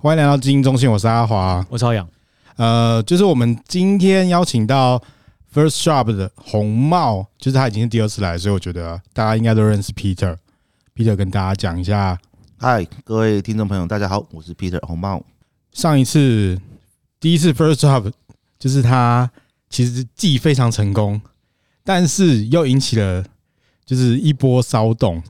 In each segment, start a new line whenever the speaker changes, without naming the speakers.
歡迎來到基金中心，我是阿華，我是超洋。呃，就是我們今天邀請到 First Drop 的洪茂，就是他已經是第二次來，所以我覺得大家應該都認識 Peter。Peter 跟大家講一下。嗨，各位聽眾朋友，大家好，我是 Peter 洪茂。上一次第一次 First Drop 就是他，其實既非常成功，但是又引起了就是一波騷動，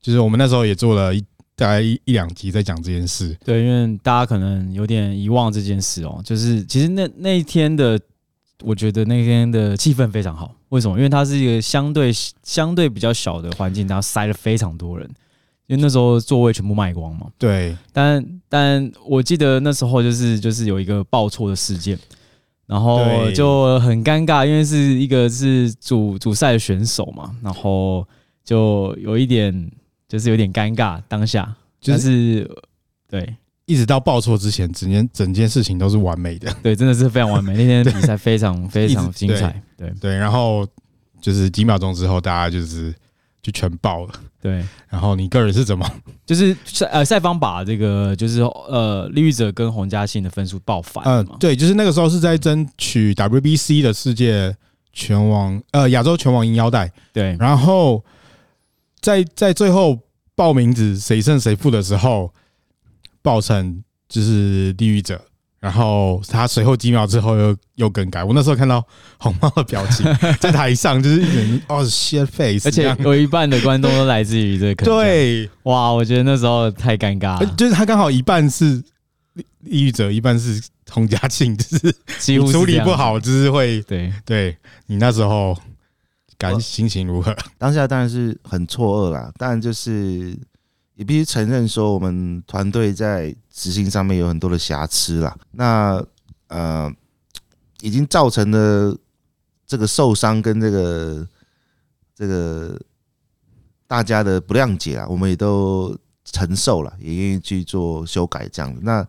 就是我們那時候也做了一。大概一兩集在講這
件事。對，因為大家可能有點遺忘這件事哦。就是其實那那一天的，我覺得那天的氣氛非常好。為什麼？因為它是一個相對相對比較小的環境，然後塞了非常多人。因為那時候座位全部賣光嘛。對。但但我記得那時候就是就是有一個報錯的事件，然後就很尷尬，因為是一個是主主賽的選手嘛，然後就有一點。就是有點尷尬，當下就是，是對，一直到報錯之前，整件整件事情都是完美的。對，真的是非常完美。 那天比
賽非常非常精彩。對對，對，然後就是幾秒鐘之後，大家就是就全
爆了。對，然後你個人是怎麼？就是賽呃賽方把這個就是呃李玉哲跟洪嘉信的分數報反。嗯、呃，
對，就是那個時候是在爭取 WBC 的世界拳王呃亞洲拳王銀腰帶。對，然後在在最後。報名字誰勝誰負的時候，報成就是地獄者，然後他隨後幾秒之後又又更改。我那時候看到洪茂的表情 在台上就是一臉 “oh shit face”，而且有一半的觀眾都
來自於這個。對，哇，我覺得那時候太尷尬了、呃。
就是他剛好一半是地獄者，一半是洪家慶，就是，幾乎是 你處理不好，就是會對對你那時候。感心情如何？哦、當下
當然是很錯愕啦，當然就是也必須承認說，我們團隊在執行上面有很多的瑕疵啦。那呃，已經造成了這個受傷跟這個這個大家的不諒解啊，我們也都承受了，也願意去做修改這樣子。那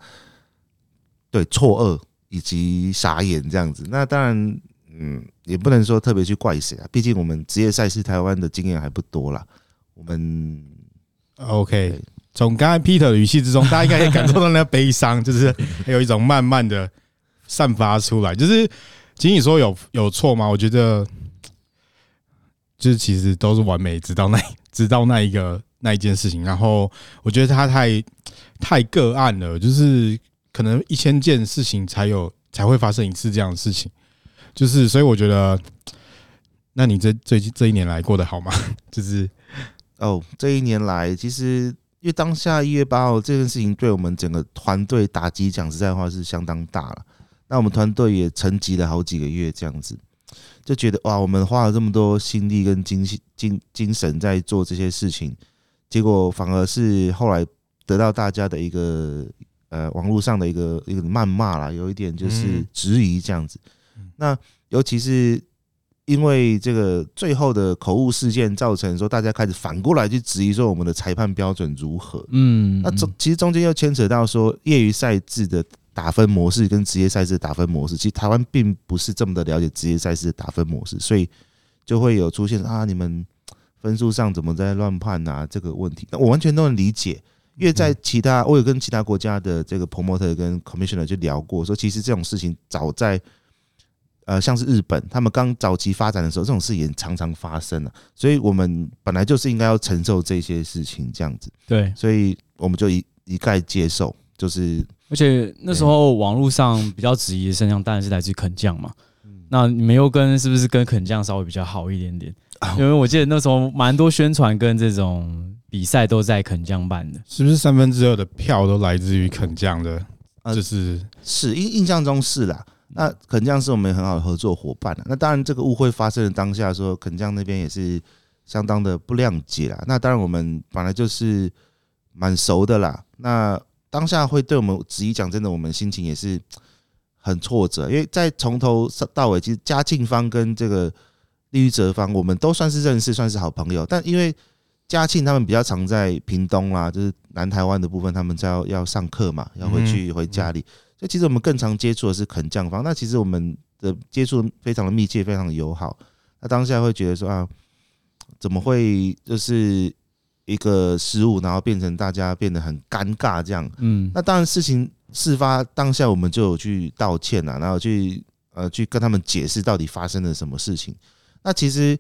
對錯愕以及傻眼這樣子，那當然。嗯，也不能說特別去怪誰啊，畢竟我們職業賽事台灣的經驗還
不多啦。我們 OK，從剛才 Peter 的語氣之中，大家應該也感受到那個悲傷， 就是還有一種慢慢的散發出來。就是僅僅說有有錯嗎？我覺得就是其實都是完美，直到那直到那一個那一件事情。然後我覺得他太太個案了，就是可能一千件事情才有才會發生一次這樣的事情。就是，所以我覺得，那你這最近這一年來過得好嗎？就是哦、oh，這一年來，其實因為當下一月八號這件事情，
對我們整個團隊打擊，講實在話是相當大了。那我們團隊也沉寂了好幾個月，這樣子就覺得哇，我們花了這麼多心力跟精精精神在做這些事情，結果反而是後來得到大家的一個呃網絡上的一個一個謾罵啦，有一點就是質疑這樣子。那尤其是因為這個最後的口誤事件，造成說大家開始反過來去質疑說我們的裁判標準如何？嗯，嗯，那中其實中間又牽扯到說業餘賽制的打分模式跟職業賽制的打分模式，其實台灣並不是這麼的了解職業賽事的打分模式，所以就會有出現啊，你們分數上怎麼在亂判啊這個問題？那我完全都能理解，因為在其他我有跟其他國家的這個 promoter 跟 commissioner 就聊過，說其實這種事情早在。呃，像是日本，他們剛早期發展的時候，這種事也常常發生了、啊、所以，我們本來就是應該要承受這些事情這樣子。對，所以我們就一一概接受。就是，
而且那時候網絡上比較質疑的聲量，當然是來自於肯將嘛、嗯。那你們又跟是不是跟肯將稍微比較好一點點？啊、因為我記得那時候蠻多宣傳跟這種比賽都在肯將辦的，是不是三分之二的票都來自於肯將的、嗯？就是、呃、是，印象中是啦、啊。那肯將是我
們很好的合作夥伴、啊、那當然，這個誤會發生的當下說，肯將那邊也是相當的不諒解啦。那當然，我們本來就是蠻熟的啦。那當下會對我們直意講，真的，我們心情也是很挫折，因為在從頭到尾，其實嘉慶方跟這個李玉哲方，我們都算是認識，算是好朋友。但因為嘉慶他們比較常在屏東啦、啊，就是南台灣的部分，他們要要上課嘛，要回去回家裡、嗯。嗯所以其實我們更常接觸的是肯將方，那其實我們的接觸非常的密切，非常的友好。那當下會覺得說啊，怎麼會就是一個失誤，然後變成大家變得很尷尬這樣？嗯，那當然事情事發當下，我們就有去道歉吶、啊，然後去呃去跟他們解釋到底發生了什麼事情。那其實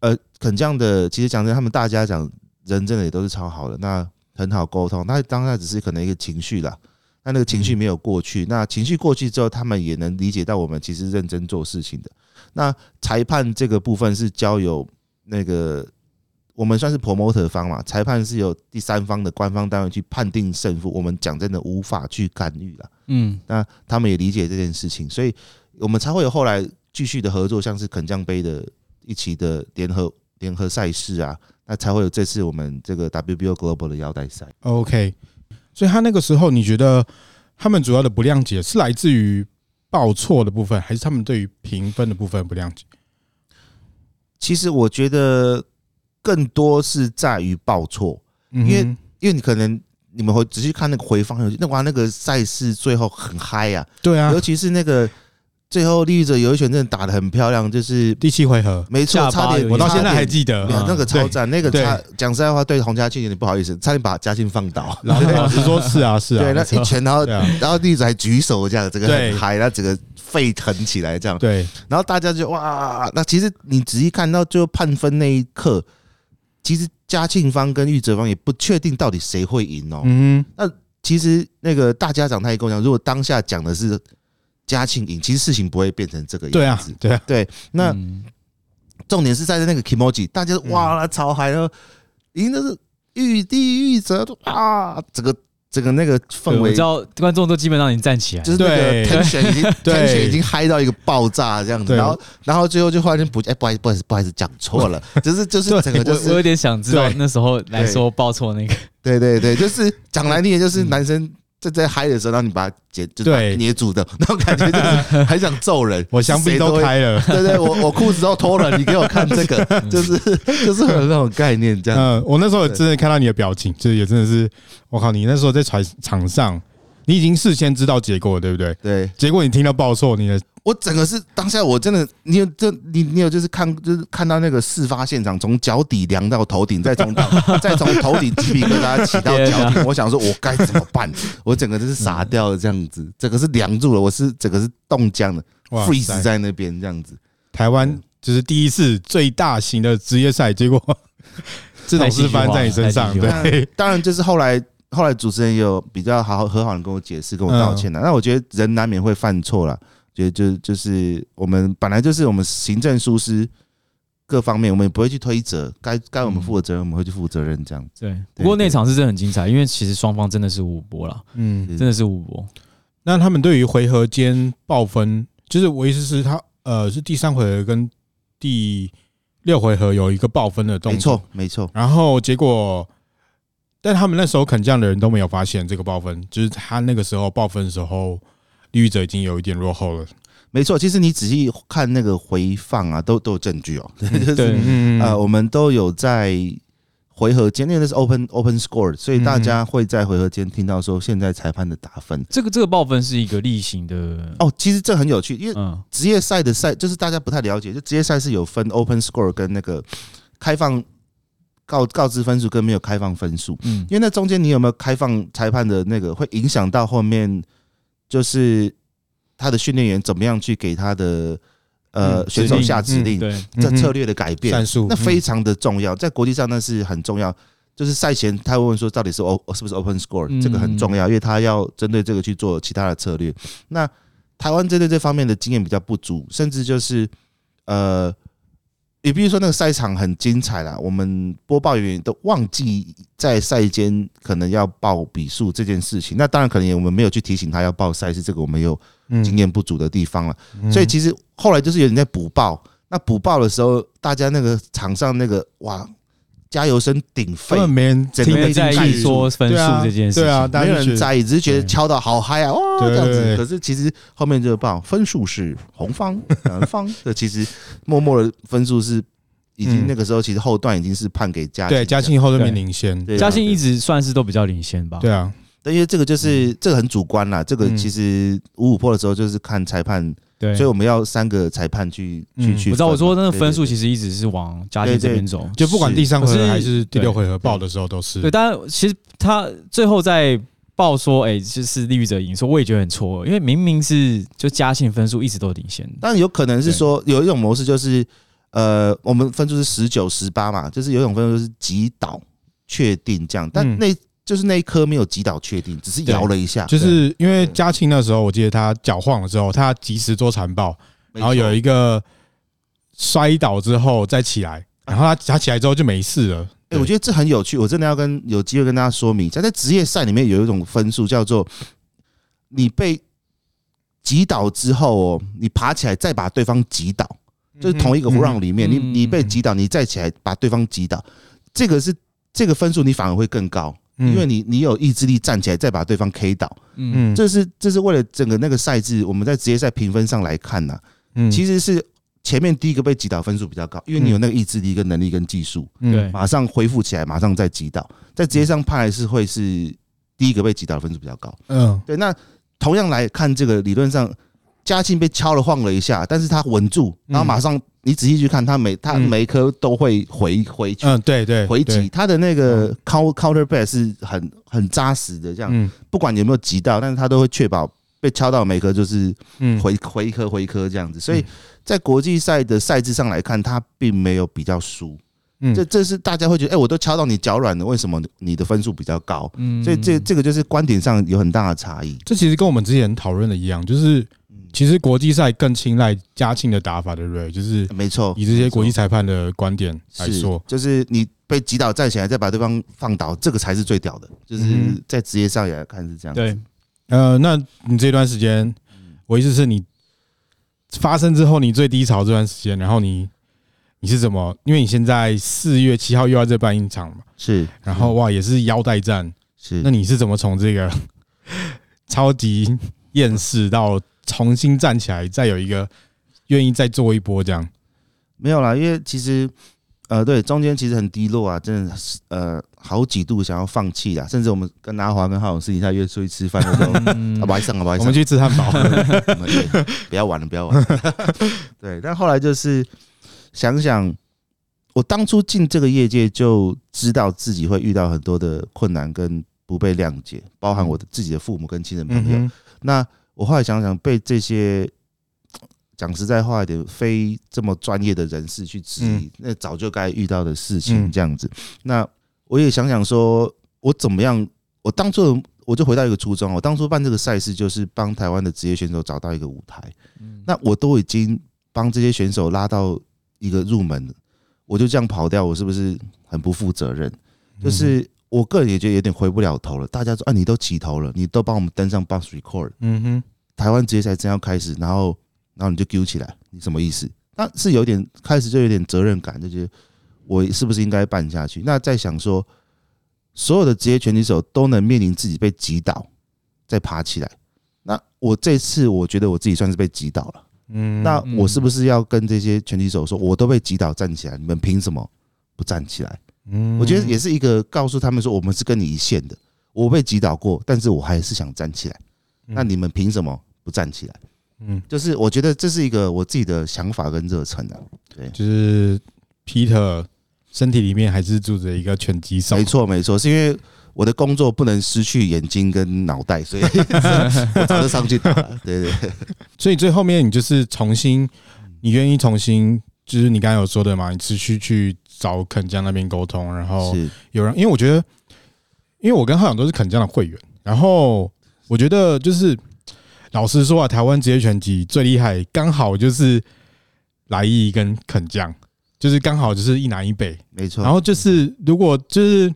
呃肯將的其實講真的，他們大家講人真的也都是超好的，那很好溝通。那當下只是可能一個情緒啦。那那個情緒沒有過去，那情緒過去之後，他們也能理解到我們其實認真做事情的。那裁判這個部分是交由那個我們算是 promoter 方嘛，裁判是由第三方的官方單位去判定勝負，我們講真的無法去干預啦。嗯，嗯，那他們也理解這件事情，所以我們才會有後來繼續的合作，像是肯將杯的一期的聯合聯合賽事啊，那才會有這次我們這個 WBO Global 的腰帶賽。
OK。所以他那個時候，你覺得他們主要的不諒解是來自於報錯的部分，還是他們對於評分的部分的不諒解？
其實我覺得更多是在於報錯，因為因為你可能你們會仔細看那個回放，那玩那個賽事最後很嗨啊。對啊，尤其是那個。最後，綠宇有一拳，真的打得很漂亮，就是第七回合，沒錯，差點，我到現在還記得、啊啊、那個超讚。那個差講實在話，對洪家慶有點不好意思，差點把嘉慶放倒、啊。老實說“是啊，是啊”。對，那一拳，然後然後立宇還舉手這樣，整個很嗨，那整個沸騰起來這樣。對，然後大家就哇，那其實你仔細看到最後判分那一刻，其實嘉慶方跟玉哲方也不確定到底誰會贏哦。嗯，那其實那個大家長他也跟我講，如果當下講的是。嘉慶影其實事情不會變成這個樣子。對啊，對啊，對。那重點是在那個 kimoji 大家哇啦，嗯、超嗨已經都是玉帝玉澤都啊，整個整個那個氛圍，我知道
觀眾都基本上已經站起來，就是那個 tension 已經 tension 已經
嗨到一個爆炸這樣子。然後，然後最後就發現不，哎、欸，不好意思，不好意思，不好意思，講錯了。 就是
就是整個、就是，我我有點想知道那時候來說報錯那個。對對
對，就是講難聽點，就是男生。在在嗨的時候，然後你把它解，就是捏住的，那種感覺就是還想揍人。
我香檳都開了，對對，我
我褲子都脫了，你給我看這個，就是
就是有那種概念，這樣。嗯，我那時候真的看到你的表情，就是也真的是，我靠，你那時候在場上。你已經事先知道結果了，對不對？對，結果你聽到報錯，你的我整個是當下我真的，你有這你你有就是看就是看到那個事發現場，從腳底
涼到頭頂，再從到再從頭頂雞皮疙瘩起到腳底，我想說我該怎麼辦？我整個就是傻掉了這樣子，整個是涼住了，我是整個是凍僵的，freeze 在
那邊這樣子。台灣就是第一次最大型的職業賽，結果這種事發生在你身上，對？
當然就是後來。後來主持人也有比較好和好的跟我解釋，跟我道歉了。那我覺得人難免會犯錯了，就就就是我們本來就是我們行政疏失，各方面我們也不會去推責，該該我們負的責任我們會去負責任這樣。
對，不過那場是真的很精彩，因為其實雙方真的是互搏了，嗯，真的是互搏。那他們對於回合間爆分，就是我意
思是他呃是第三回合跟第六回合有一個爆分的動作，沒錯，沒錯。然後結果，但他們那時候啃醬的人都沒有發現這個報分，就是他那個時候報分的時候，利益者已經有一點落後了。沒錯，其實
你仔細看那個回放啊，都都有證據哦。對、 就是，啊、嗯呃，我們都有在回合間，因為那是 open open score，所以大家會在回合間聽到說現在裁判的打分。
這個這個報分是一個例行的哦。其實這很有趣，因為
職業賽的賽就是大家不太了解，就職業賽是有分 open score 跟那個開放。告告知分數跟沒有開放分數，因為那中間你有沒有開放裁判的那個，會影響到後面，就是他的訓練員怎麼樣去給他的呃選手下指令，這策略的改變，那非常的重要，在國際上那是很重要，就是賽前他會問說到底是 O 是不是 Open Score，這個很重要，因為他要針對這個去做其他的策略。那台灣針對這方面的經驗比較不足，甚至就是呃。也比如說那個賽場很精彩啦，我們播報員都忘記在賽間可能要報比數這件事情。那當然可能也我們沒有去提醒他要報賽事，這個我們有經驗不足的地方了。所以其實後來就是有人在補報。那補報的時候，大家那個場上那個哇。加油聲鼎沸，根本沒，沒人在意說分數這件事情，對啊，對啊，但沒人在意，只是覺得敲到好嗨啊！哦，這樣子。對對，對對對，可是其實後面就報，分數是紅方、藍方，這 其實默默的分數是已經那個時候其實後段已經是判給嘉興。對，嘉興後段沒領先，嘉興
一,一直算是都比較領先吧。對啊，但因為這
個就是這個很主觀啦，這個其實五五波的時候就是看裁判。對，所以我們要三個裁判去、嗯、去去。我知道，我說那個分數
其實一直是往嘉信這邊走，對對對就是、不管第三回合還是第六回
合報的時候都
是對。對，當然，其實他最後在報說，哎、欸，就是利欲者贏，說我也覺得很錯，因為明明是就嘉信分數一直都有領先，
但有可能是說有一種模式就是，呃，我們分數是十九十八嘛，就是有
一種分數是擊倒確定這樣，但那。嗯就是那一顆沒有擊倒，確定只是搖了一下。就是因為嘉慶那時候，我記得他腳晃了之後，他及時做纏抱，然後有一個摔倒之後再起來，然後他他起來之後就沒事了。
哎，欸、我覺得這很有趣，我真的要跟有機會跟大家說明一下，在在職業賽裡面有一種分數叫做你被擊倒之後哦，你爬起來再把對方擊倒，就是同一個 round 裡面，你、嗯、你被擊倒，你再起來把對方擊倒，這個是這個分數，你反而會更高。因為你你有意志力站起來再把對方 K 倒，嗯，這是這是為了整個那個賽制，我們在職業賽評分上來看呢，嗯，其實是前面第一個被擊倒分數比較高，因為你有那個意志力跟能力跟技術，對，馬上恢復起來，馬上再擊倒，在職業上派是會是第一個被擊倒分數比較高，嗯，對，那同樣來看這個理論上，嘉慶被敲了晃了一下，但是他穩住，然後馬上。你仔細去看，他每他每一顆都會回回嗯，
對對，回擊
他、嗯嗯、的那個 counter back 是很很扎實的這樣，嗯、不管有沒有擊到，但是他都會確保被敲到每顆就是回、嗯、回一顆回一顆這樣子，所以在國際賽的賽制上來看，他並沒有比較輸，嗯，這這是大家會覺得，哎、欸，我都敲到你腳軟了，為什麼你的分數比較高？嗯，嗯，所以這這個就是觀點上有很大的差異、嗯。嗯、
這其實跟我們之前討論的一樣，就是。其實國際賽更青睞嘉慶的打法對不對？就是沒錯。以這些國際裁判的觀點來說，就是你
被擊倒站起來再把對方放倒，這個才是最屌的。就是在職業上也要看是這
樣。嗯、對，呃，那你這段時間，我意思是，你發生之後你最低潮這段時間，然後你你是怎麼？因為你現在四月七號又要再辦一場嘛，是。然後哇，也是腰帶戰，是。那你是怎麼從這個 超級厭世到？重新站起來，再有一個願意再做一波這樣，沒有啦，因為其實呃，對，中間其實很低
落啊，真的是呃，好幾度想要放棄啦。甚至我們跟阿華跟浩老師私底下約出去吃飯，的時候，好意思，不好意思，我們去吃漢堡 對，不要玩了，不要玩了，對。但後來就是想想，我當初進這個業界就知道自己會遇到很多的困難跟不被諒解，包含我的自己的父母跟親人朋友，嗯嗯那。我後來想想，被這些講實在話一點，非這麼專業的人士去質疑，嗯，嗯、那早就該遇到的事情。這樣子，嗯，那我也想想說，我怎麼樣？我當初我就回到一個初衷，我當初辦這個賽事就是幫台灣的職業選手找到一個舞台，嗯。嗯、那我都已經幫這些選手拉到一個入門了，我就這樣跑掉，我是不是很不負責任，
嗯？就是。
我個人也覺得有點回不了頭了。大家說啊，你都起頭了，你都幫我們登上 BoxRec，嗯哼，台灣職業才正要開始，然後然後你就丟起來，你什麼意思？那是有點開始就有點責任感，就覺得我是不是應該辦下去？那在想說，所有的職業拳擊手都能面臨自己被擊倒再爬起來，那我這次我覺得我自己算是被擊倒了，嗯，那我是不是要跟這些拳擊手說，我都被擊倒站起來，你們憑什麼不站起來？嗯，我覺得也是一個告訴他們說，我們是跟你一線的。我被擊倒過，但是我還是想站起來。嗯、那你們憑什麼不站起來？嗯，就是我覺得這是一個我自己的想法跟熱忱的、啊。
對，就是皮特身體裡面還
是住着一個拳擊手。沒錯，沒錯，是因為我的工作不能失去眼睛跟腦袋，所以 我早就上去打了。對，對對，
所以最後面你就是重新，你願意重新。就是你剛才有說的嘛，你持續去找肯江那邊溝通，然後有人，因為我覺得，因為我跟浩洋都是肯江的會員，然後我覺得就是老實說啊，台灣職業拳擊最厲害，剛好就是來意跟肯江，就是剛好就是一南一北，沒錯。然後就是如果就是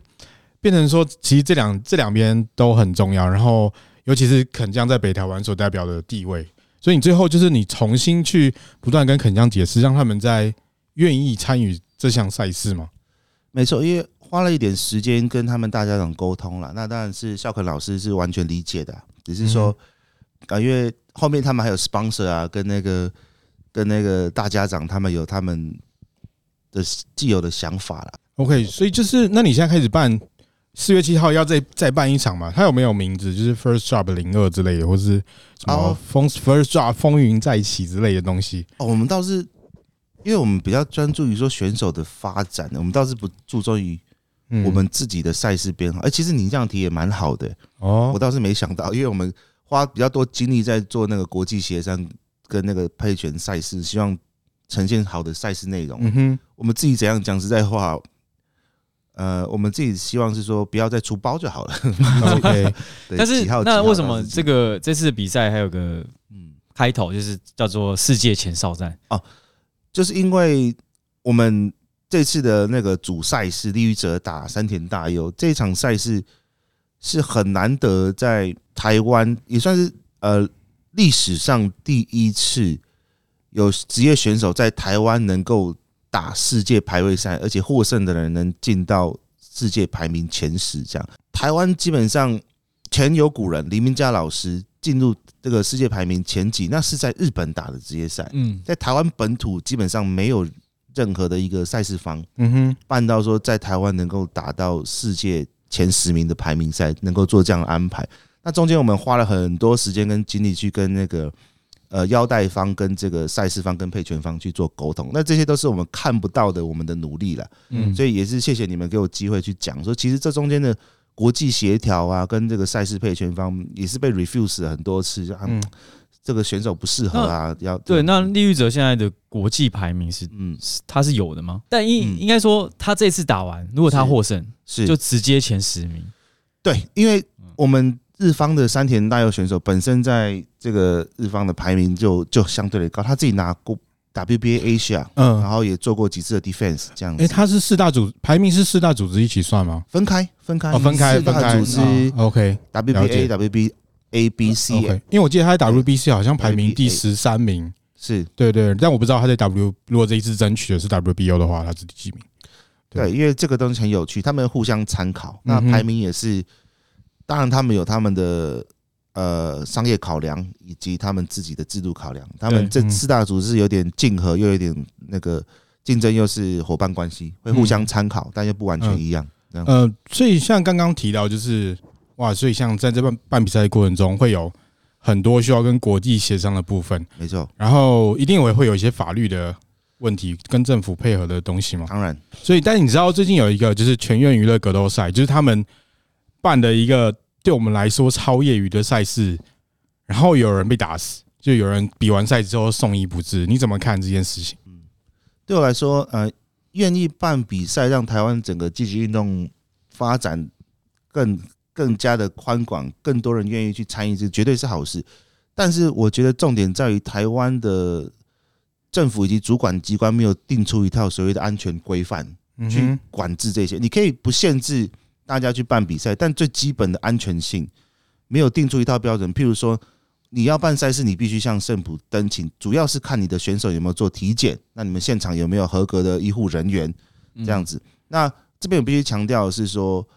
變成說，其實這兩這兩邊都很重要，然後尤其是肯江在北台灣所代表的地位。所以你最後就是你重新去不斷跟肯江解釋，讓他們再願意參與這項賽事嗎？沒錯，因為花了一點時間跟他們大家長溝通了。那當然是孝肯老師是完全理
解的，只是說感覺、嗯啊、因為後面他們還有 sponsor 啊，跟那個跟那個大家長他們有他們的既有的想法了。
OK，所以就是那你現在開始辦。四月七號要再再辦一場嘛？他有沒有名字，就是 First Drop 零二之類的，或是什麼 First、oh. First Drop 風雲再起之類的東西？哦、oh,，我們倒是，因為我們比較專注於說選手的發展，我們倒是不注
重於我們自己的賽事編號。哎，其實你這樣提也蠻好的哦。我倒是沒想到，因為我們花比較多精力在做那個國際協商跟那個配權賽事，希望呈現好的賽事內容。嗯哼，我們自己怎樣講實在話。呃，我們自己希望是說不要再出包就好了
okay。OK， 但是號，那為什麼這個這次比賽還有個嗯開頭，就是叫做世界前哨戰
哦、嗯，就是因為我們這次的那個主賽事李宇哲打山田大佑這場賽事，是很難得，在台灣也算是呃歷史上第一次有職業選手在台灣能夠。打世界排位賽，而且獲勝的人能進到世界排名前十。這樣，台灣基本上前有古人，李明嘉老師進入這個世界排名前幾，那是在日本打的職業賽。嗯，在台灣本土基本上沒有任何的一個賽事方，嗯哼，辦到說在台灣能夠打到世界前十名的排名賽，能夠做這樣的安排。那中間我們花了很多時間跟精力去跟那個。呃，腰帶方跟這個賽事方跟配權方去做溝通，那這些都是我們看不到的，我們的努力了。嗯，所以也是謝謝你們給我機會去講，說其實這中間的國際協調啊，跟這個賽事配權方
也是被 refuse 很多次，啊嗯、這個選手不適合啊，要對，對。那利欲者現在的國際排名是，嗯，他是有的嗎？但應應該說他這次打完，嗯、如果他獲勝，是，是就直接前十名。對，因為我們。日方的
山田大佑選手本身在這個日方的排名就就相對的高，他自己拿過 WBA Asia 啊，嗯，然後也做過幾次的 defense 這樣、
哦。哎、嗯，他是四大組排名是四大組織一起算嗎？
分開，分開，分、嗯、開，分開、組織、
哦。OK，WBA、okay, 哦、WBA、BC。因為我記得他在 WBC 好像排名第十三名，名，是對，對對，但我不知道他在 W 如果這一次爭取的是 WBO 的話，他是第幾名對？對，因為這個
東西很有趣，他們互相參考、嗯，那排名也是。當然，他們有他們的呃商業考量，以及他們自己的制度考量。他們這四大組織有點競合，又有點那個競爭，又是夥伴關係，會互相參考，但又不
完全一樣，這樣子、嗯呃。呃，所以像剛剛提到，就是哇，所以像在這辦辦比賽的過程中，會有很多需要跟國際協商的部分。沒錯，然後一定也會有一些法律的問題跟政府配合的東西嘛。當然，所以但你知道，最近有一個就是全院娛樂格鬥賽，就是他們辦的一個。對我們來說，超業餘的賽事，然後有人被打死，就有人比完賽之後送醫不治，你怎麼看這件事情？
嗯，對我來說，呃，願意辦比賽，讓台灣整個拳擊運動發展更更加的寬廣，更多人願意去參與，這絕對是好事。但是，我覺得重點在於台灣的政府以及主管機關沒有定出一套所謂的安全規範，去管制這些，嗯。你可以不限制。大家去辦比賽，但最基本的安全性沒有定出一套標準。譬如說，你要辦賽事，你必須向聖普登請，主要是看你的選手有沒有做體檢，那你們現場有沒有合格的醫護人員這樣子。嗯、那這邊我必須強調的是說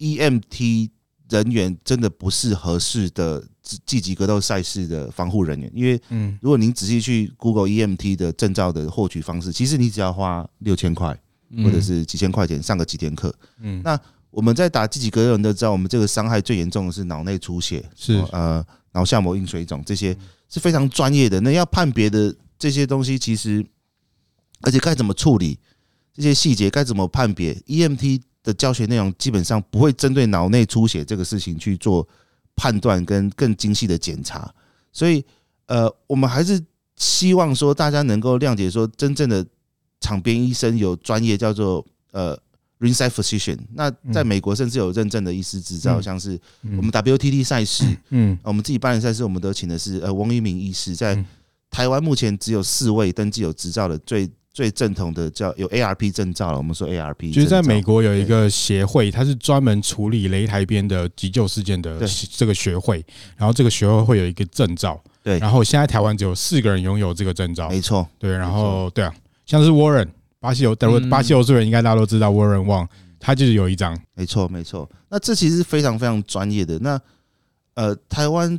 ，EMT 人員真的不是合適的積極格鬥賽事的防護人員，因為嗯，如果您仔細去 Google EMT 的證照的獲取方式，其實你只要花六千塊或者是幾千塊錢上個幾天課，嗯，那。我們在打自己格鬥的人都知道，我們這個傷害最嚴重的是腦內出血，是，是呃腦下膜硬水腫，這些是非常專業的。那要判別的這些東西，其實而且該怎麼處理這些細節，該怎麼判別？EMT 的教學內容基本上不會針對腦內出血這個事情去做判斷跟更精細的檢查，所以呃，我們還是希望說大家能夠諒解，說真正的場邊醫生有專業叫做呃。Ringside physician，那在美國甚至有認證的醫師執照、嗯，像是我們 WTT 賽事，嗯，嗯、啊，我們自己辦的賽事，我們都請的是呃王一鳴醫師。在台灣目前只有四位登記有執照的最，最最正統的叫有 ARP 證照了。我們說 ARP，就是在
美國有一個協會，它是專門處理擂台邊的急救事件的這個學會，然後這個學會會有一個證照，對，然後現在台灣只有四個人擁有這個證照，沒錯，對，然後對啊，像是 Warren。巴西歐，巴西油所有人應該大家都知道，沃仁旺，他就是有一張、嗯，沒錯沒錯。那這其實是非常非常
專業的。那呃，台灣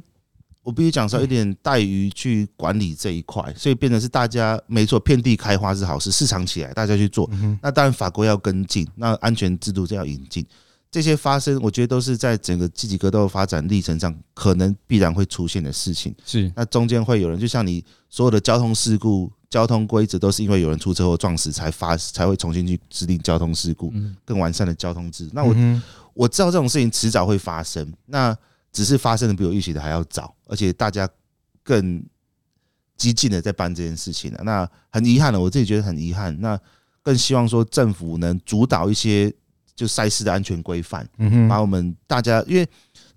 我必須講說，有點怠於去管理這一塊，所以變成是大家沒錯，遍地開花是好事，市場起來大家去做。那當然，法國要跟進，那安全制度就要引進，這些發生，我覺得都是在整個積極格鬥發展歷程上，可能必然會出現的事情。是，那中間會有人，就像你所有的交通事故。交通規則都是因為有人出車禍撞死才發才會重新去制定交通事故更完善的交通制度，嗯。那我我知道這種事情遲早會發生，那只是發生的比我預期的還要早，而且大家更激進的在辦這件事情了，啊。那很遺憾了，我自己覺得很遺憾。那更希望說政府能主導一些就賽事的安全規範，把我們大家，因為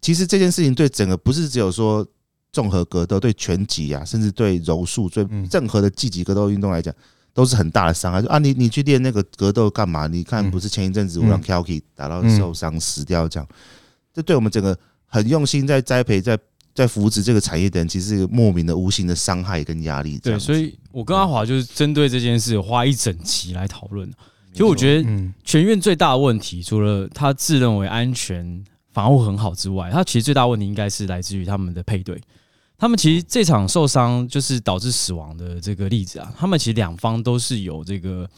其實這件事情對整個不是只有說。綜合格鬥對拳擊啊，甚至對柔術，對任何的技擊格鬥運動來講，嗯、都是很大的傷害。就啊你，你你去練那個格鬥幹嘛？你看，不是前一陣子我讓 k e l k e y 打到受傷死掉這樣，這對我們整個很用心在栽培、在在扶持這個產業的人，其實是一個莫名的無形的傷害跟壓力。對，所
以我跟阿華就是針對這件事花一整期來討論。其實我覺得拳院最大的問題，除了他自認為安全防護很好之外，他其實最大問題應該是來自於他們的配對。他們其實這場受傷就是導致死亡的這個例子啊，他們其實兩方都是有這個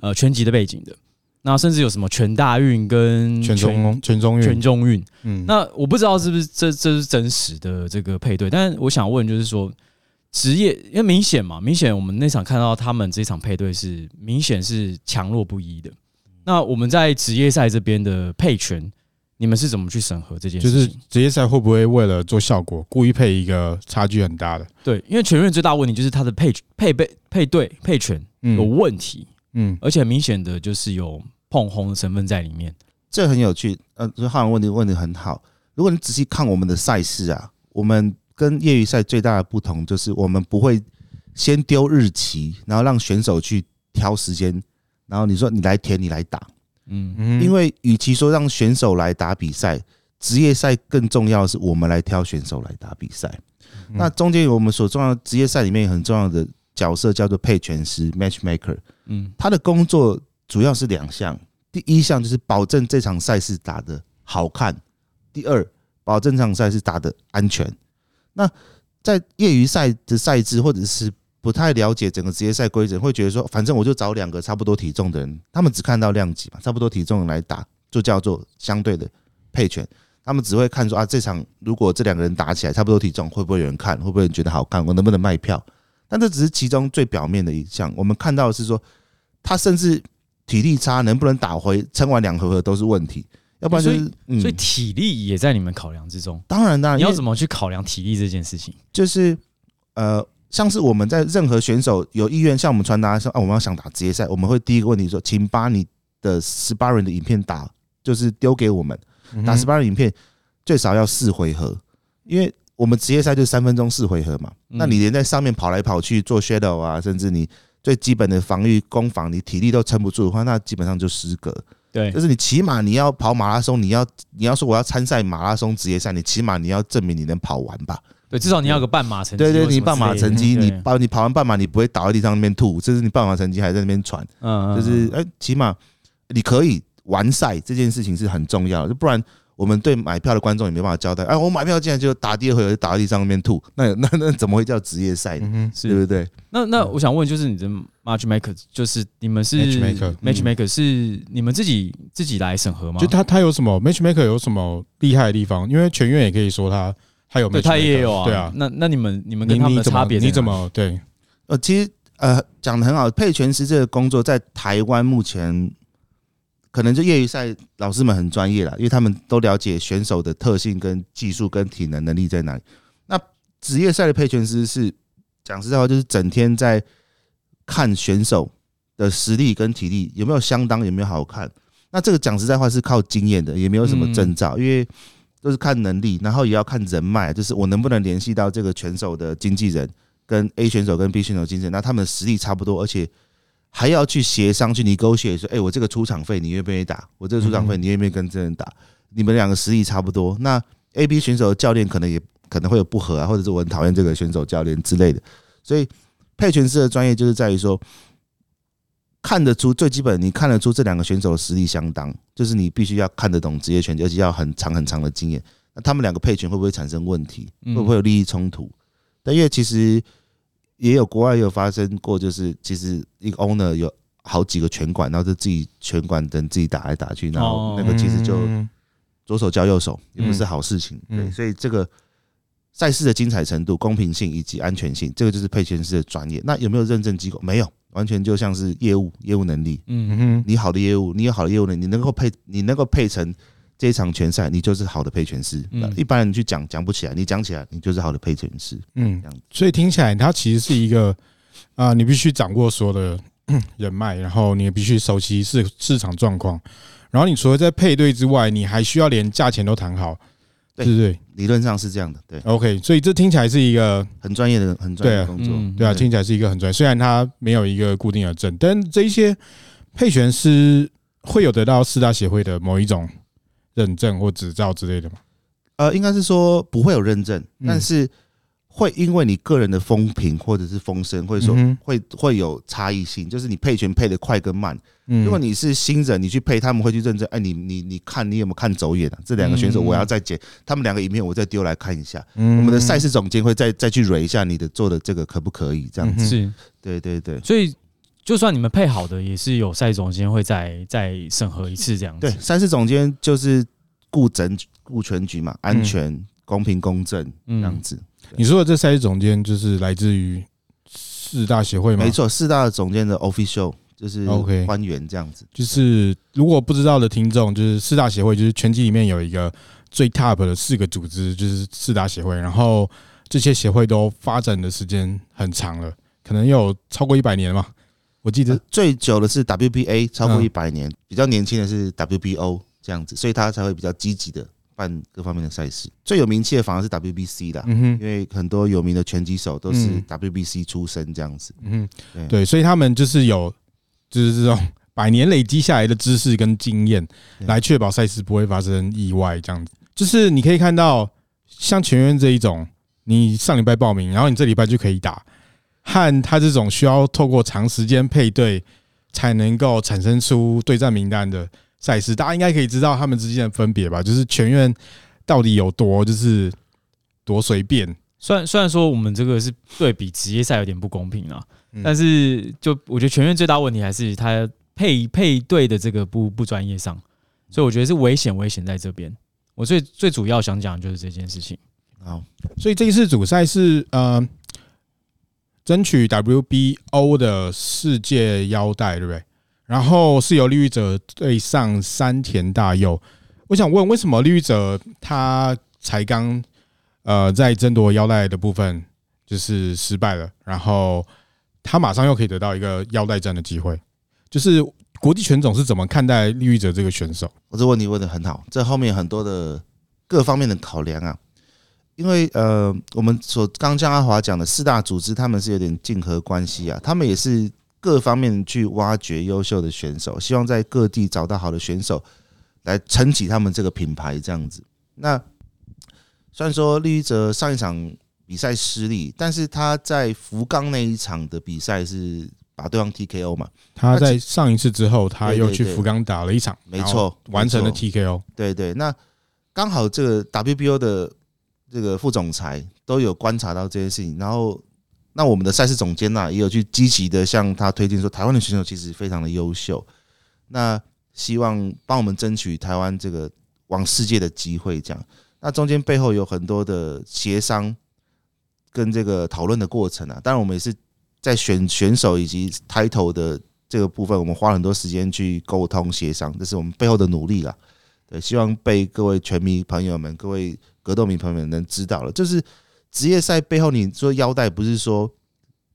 呃拳擊的背景的，那甚至有什麼全大運跟全中、全中、全中運，嗯，那我不知道是不是這這是真實的這個配對，但我想問就是說職業，因為明顯嘛，明顯我們那場看到他們這場配對是明顯是強弱不一的，那我們在職業賽這邊的配拳。你們是怎麼去審核這件事情？就是職業賽會不會為了做效果，故意配一個差距很大的？對，因為全運最大問題就是他的配配備配對配權有問題嗯。嗯，而且很明顯的，就是有捧紅的成分在
裡面，嗯嗯在裡面嗯。這很有趣，呃，就是漢文問題問得很好。如果你仔細看我們的賽事啊，我們跟業餘賽最大的不同就是我們不會先丟日期，然後讓選手去挑時間，然後你說你來填，你來打。嗯，因為與其說讓選手來打比賽，職業賽更重要是我們來挑選手來打比賽。那中間有我們所重要職業賽裡面很重要的角色叫做配拳師 （matchmaker）。嗯，他的工作主要是兩項：第一項就是保證這場賽事打得好看；第二，保證這場賽事打得安全。那在業餘賽的賽制或者是不太了解整個職業賽規則，會覺得說，反正我就找兩個差不多體重的人，他們只看到量級嘛，差不多體重來打，就叫做相對的配拳。他們只會看說啊，這場如果這兩個人打起來差不多體重，會不會有人看，會不會有人覺得好看，我能不能賣票？但這只是其中最表面的一項。我們看到的是說，他甚至體力差，能不能打回撐完兩回合，合都是問題。要不然就是、嗯所，所以
體力也在你們考量之中。當然、啊，當然，你要怎麼去考量體力這件事情？
就是，呃。像是我們在任何選手有意願向我們傳達說，哦，我們要想打職業賽，我們會第一個問題說，請把你的 sparring 的影片打，就是丟給我們打 sparring 的影片，最少要四回合，因為我們職業賽就三分鐘四回合嘛。那你連在上面跑來跑去做 shadow 啊，甚至你最基本的防禦攻防，你體力都撐不住的話，那基本上就失格。對，就是你起碼你要跑馬拉松，你要你要說我要參賽馬拉松職業賽，你起碼你要證明你能跑完吧。
至少你要有個半馬成績，嗯。對對，你半馬成績，你
你跑完半馬，你不會倒在地上那邊吐，這是你半馬成績還在那邊喘，就是哎，欸，起碼你可以完賽這件事情是很重要的，不然我們對買票的觀眾也沒辦法交代。哎，我買票進來就打第二回合就倒在地上那邊吐，那那那怎麼會叫職業賽？嗯，是，對不對，嗯？
那那我想問，就是你的 matchmaker，就是你們是 matchmaker, 嗯 matchmaker 嗯是你們自己自己來審核嗎？就他
他有什麼 matchmaker 有什麼厲害的地方？因為全院也可以說他。他有對，對他也有啊，對啊。那那你們
你們跟他們的差別，你怎麼,
你怎麼對？呃，其實呃，
講得很好。配拳師這個工作在台灣目前，可能就業餘賽老師們很專業啦，因為他們都了解選手的特性、跟技術、跟體能能力在哪裡。那職業賽的配拳師是講實在話，就是整天在看選手的實力跟體力有沒有相當，有沒有好看。那這個講實在話是靠經驗的，也沒有什麼證照、嗯，因為。就是看能力，然後也要看人脈，就是我能不能聯繫到這個拳手的經紀人，跟 A 選手跟 B 選手的經紀人，那他們實力差不多，而且還要去協商去 negotiate 說，哎，我這個出場費你願不願意打？我這個出場費你願不願意跟這人打？你們兩個實力差不多，那 A、B 選手的教練可能也可能會有不合啊，或者是我很討厭這個選手教練之類的，所以配拳師的專業就是在於說。看得出最基本，你看得出這兩個選手的實力相當，就是你必須要看得懂職業拳，而且要很長很長的經驗。那他們兩個配拳會不會產生問題？會不會有利益衝突？但因為其實也有國外也有發生過，就是其實一個 owner 有好幾個拳館，然後就自己拳館等自己打來打去，然後那個其實就左手交右手也不是好事情。對，所以這個賽事的精彩程度、公平性以及安全性，這個就是配拳師的專業。那有沒有認證機構？沒有。完全就像是業務、業務能力。嗯哼，你好的業務，你有好的業務能力，你能夠配，你能夠配成這一場拳賽，你就是好的配拳師、嗯。一般人去講講不起來，你講起來，你就是好的配拳師。
嗯，這樣。所以聽起來，它其實是一個啊、呃，你必須掌握所有的人脈，然後你也必須熟悉市市場狀況，然後你除了在配對之外，你還需要連價錢都談好。對對對，對理論上是這樣的。對，OK，所以這聽起來是一個很專業的、很專業的工作。對啊，聽起來是一個很專業。雖然他沒有一個固定的證，但這一些配拳師會有得到四大協會的某一種認證或執照之類的嗎？呃，應該是說不會有認證，
但是、嗯。會因為你個人的風評或者是風聲，會說會、嗯、會有差異性，就是你配拳配的快跟慢、嗯。如果你是新人，你去配，他們會去認證。哎，你你你看，你有沒有看走眼啊？這兩個選手，我要再剪、嗯、他們兩個影片，我再丟來看一下。嗯、我們的賽事總監會再再去 review 一下你的做的這個可不可以這樣子？嗯、是對對對，所以
就算你們配好的，也是有賽事總監會再再審核一次這樣子。對、
賽事總監就是顧整顧全局嘛，安全、嗯、公平、公正
這樣子。嗯。你說的這賽事總監就是來自於四大協會嗎？沒錯，四大
總監的 official 就是 O K 官
員這樣子。就是如果不知道的聽眾，就是四大協會，就是拳擊裡面有一個最 top 的四個組織，就是四大協會。然後這些協會都發展的時間很長了，可能有超過一百年嘛？我記得、啊、最久的是 W B A，超過一
百年、嗯；比較年輕的是 W B O 這樣子，所以他才會比較積極的。各方面的賽事最有名氣的反而是 WBC
的，因為很多有名的拳擊手都是 WBC 出身這樣子嗯。嗯，對，所以他們就是有就是這種百年累積下來的知識跟經驗，來確保賽事不會發生意外。這樣子就是你可以看到，像全員這一種，你上禮拜報名，然後你這禮拜就可以打；和他這種需要透過長時間配對，才能夠產生出對戰名單的。賽事大家應該可以知道他們之間的分別吧，就是全院到底有多就是多
隨便。雖然雖然說我們這個是對比職業賽有點不公平啊，嗯，但是就我覺得全院最大問題還是他配配對的這個不不專業上，所以我覺得是危險危險在這邊。我最最主要想講的就是這件事情。好，
所以這一次主賽是呃爭取 WBO 的世界腰帶，對不對？然後是由綠玉者對上山田大佑，我想問為什麼綠玉者他才剛呃在爭奪腰帶的部分就是失敗了，然後他馬上又可以得到一個腰帶戰的機會，就是國際拳總是怎麼看待綠玉者這個選手？我這問題問得很好，這後面很多的各方面的考量啊，因為
呃我們所剛江阿華講的四大組織他們是有點競合關係啊，他們也是。各方面去挖掘優秀的選手，希望在各地找到好的選手來撐起他們這個品牌這樣子。那雖然說李一哲上一場比賽失利，但是他在福岡那一場的比賽是把對方 T K O 嘛。
他在上一次之後，他又去福岡打了一場，
沒錯，完成了 T K O。對對，對，那剛好這個 W B O 的這個副總裁都有觀察到這件事情，然後。那我們的賽事總監呢，也有去積極的向他推薦，說台灣的選手其實非常的優秀，那希望幫我們爭取台灣這個往世界的機會。這樣，那中間背後有很多的協商跟這個討論的過程啊。當然，我們也是在選選手以及 title 的這個部分，我們花了很多時間去溝通協商，這是我們背後的努力啦。對，希望被各位拳迷朋友們、各位格鬥迷朋友們能知道了，就是。職業賽背後，你說腰帶不是說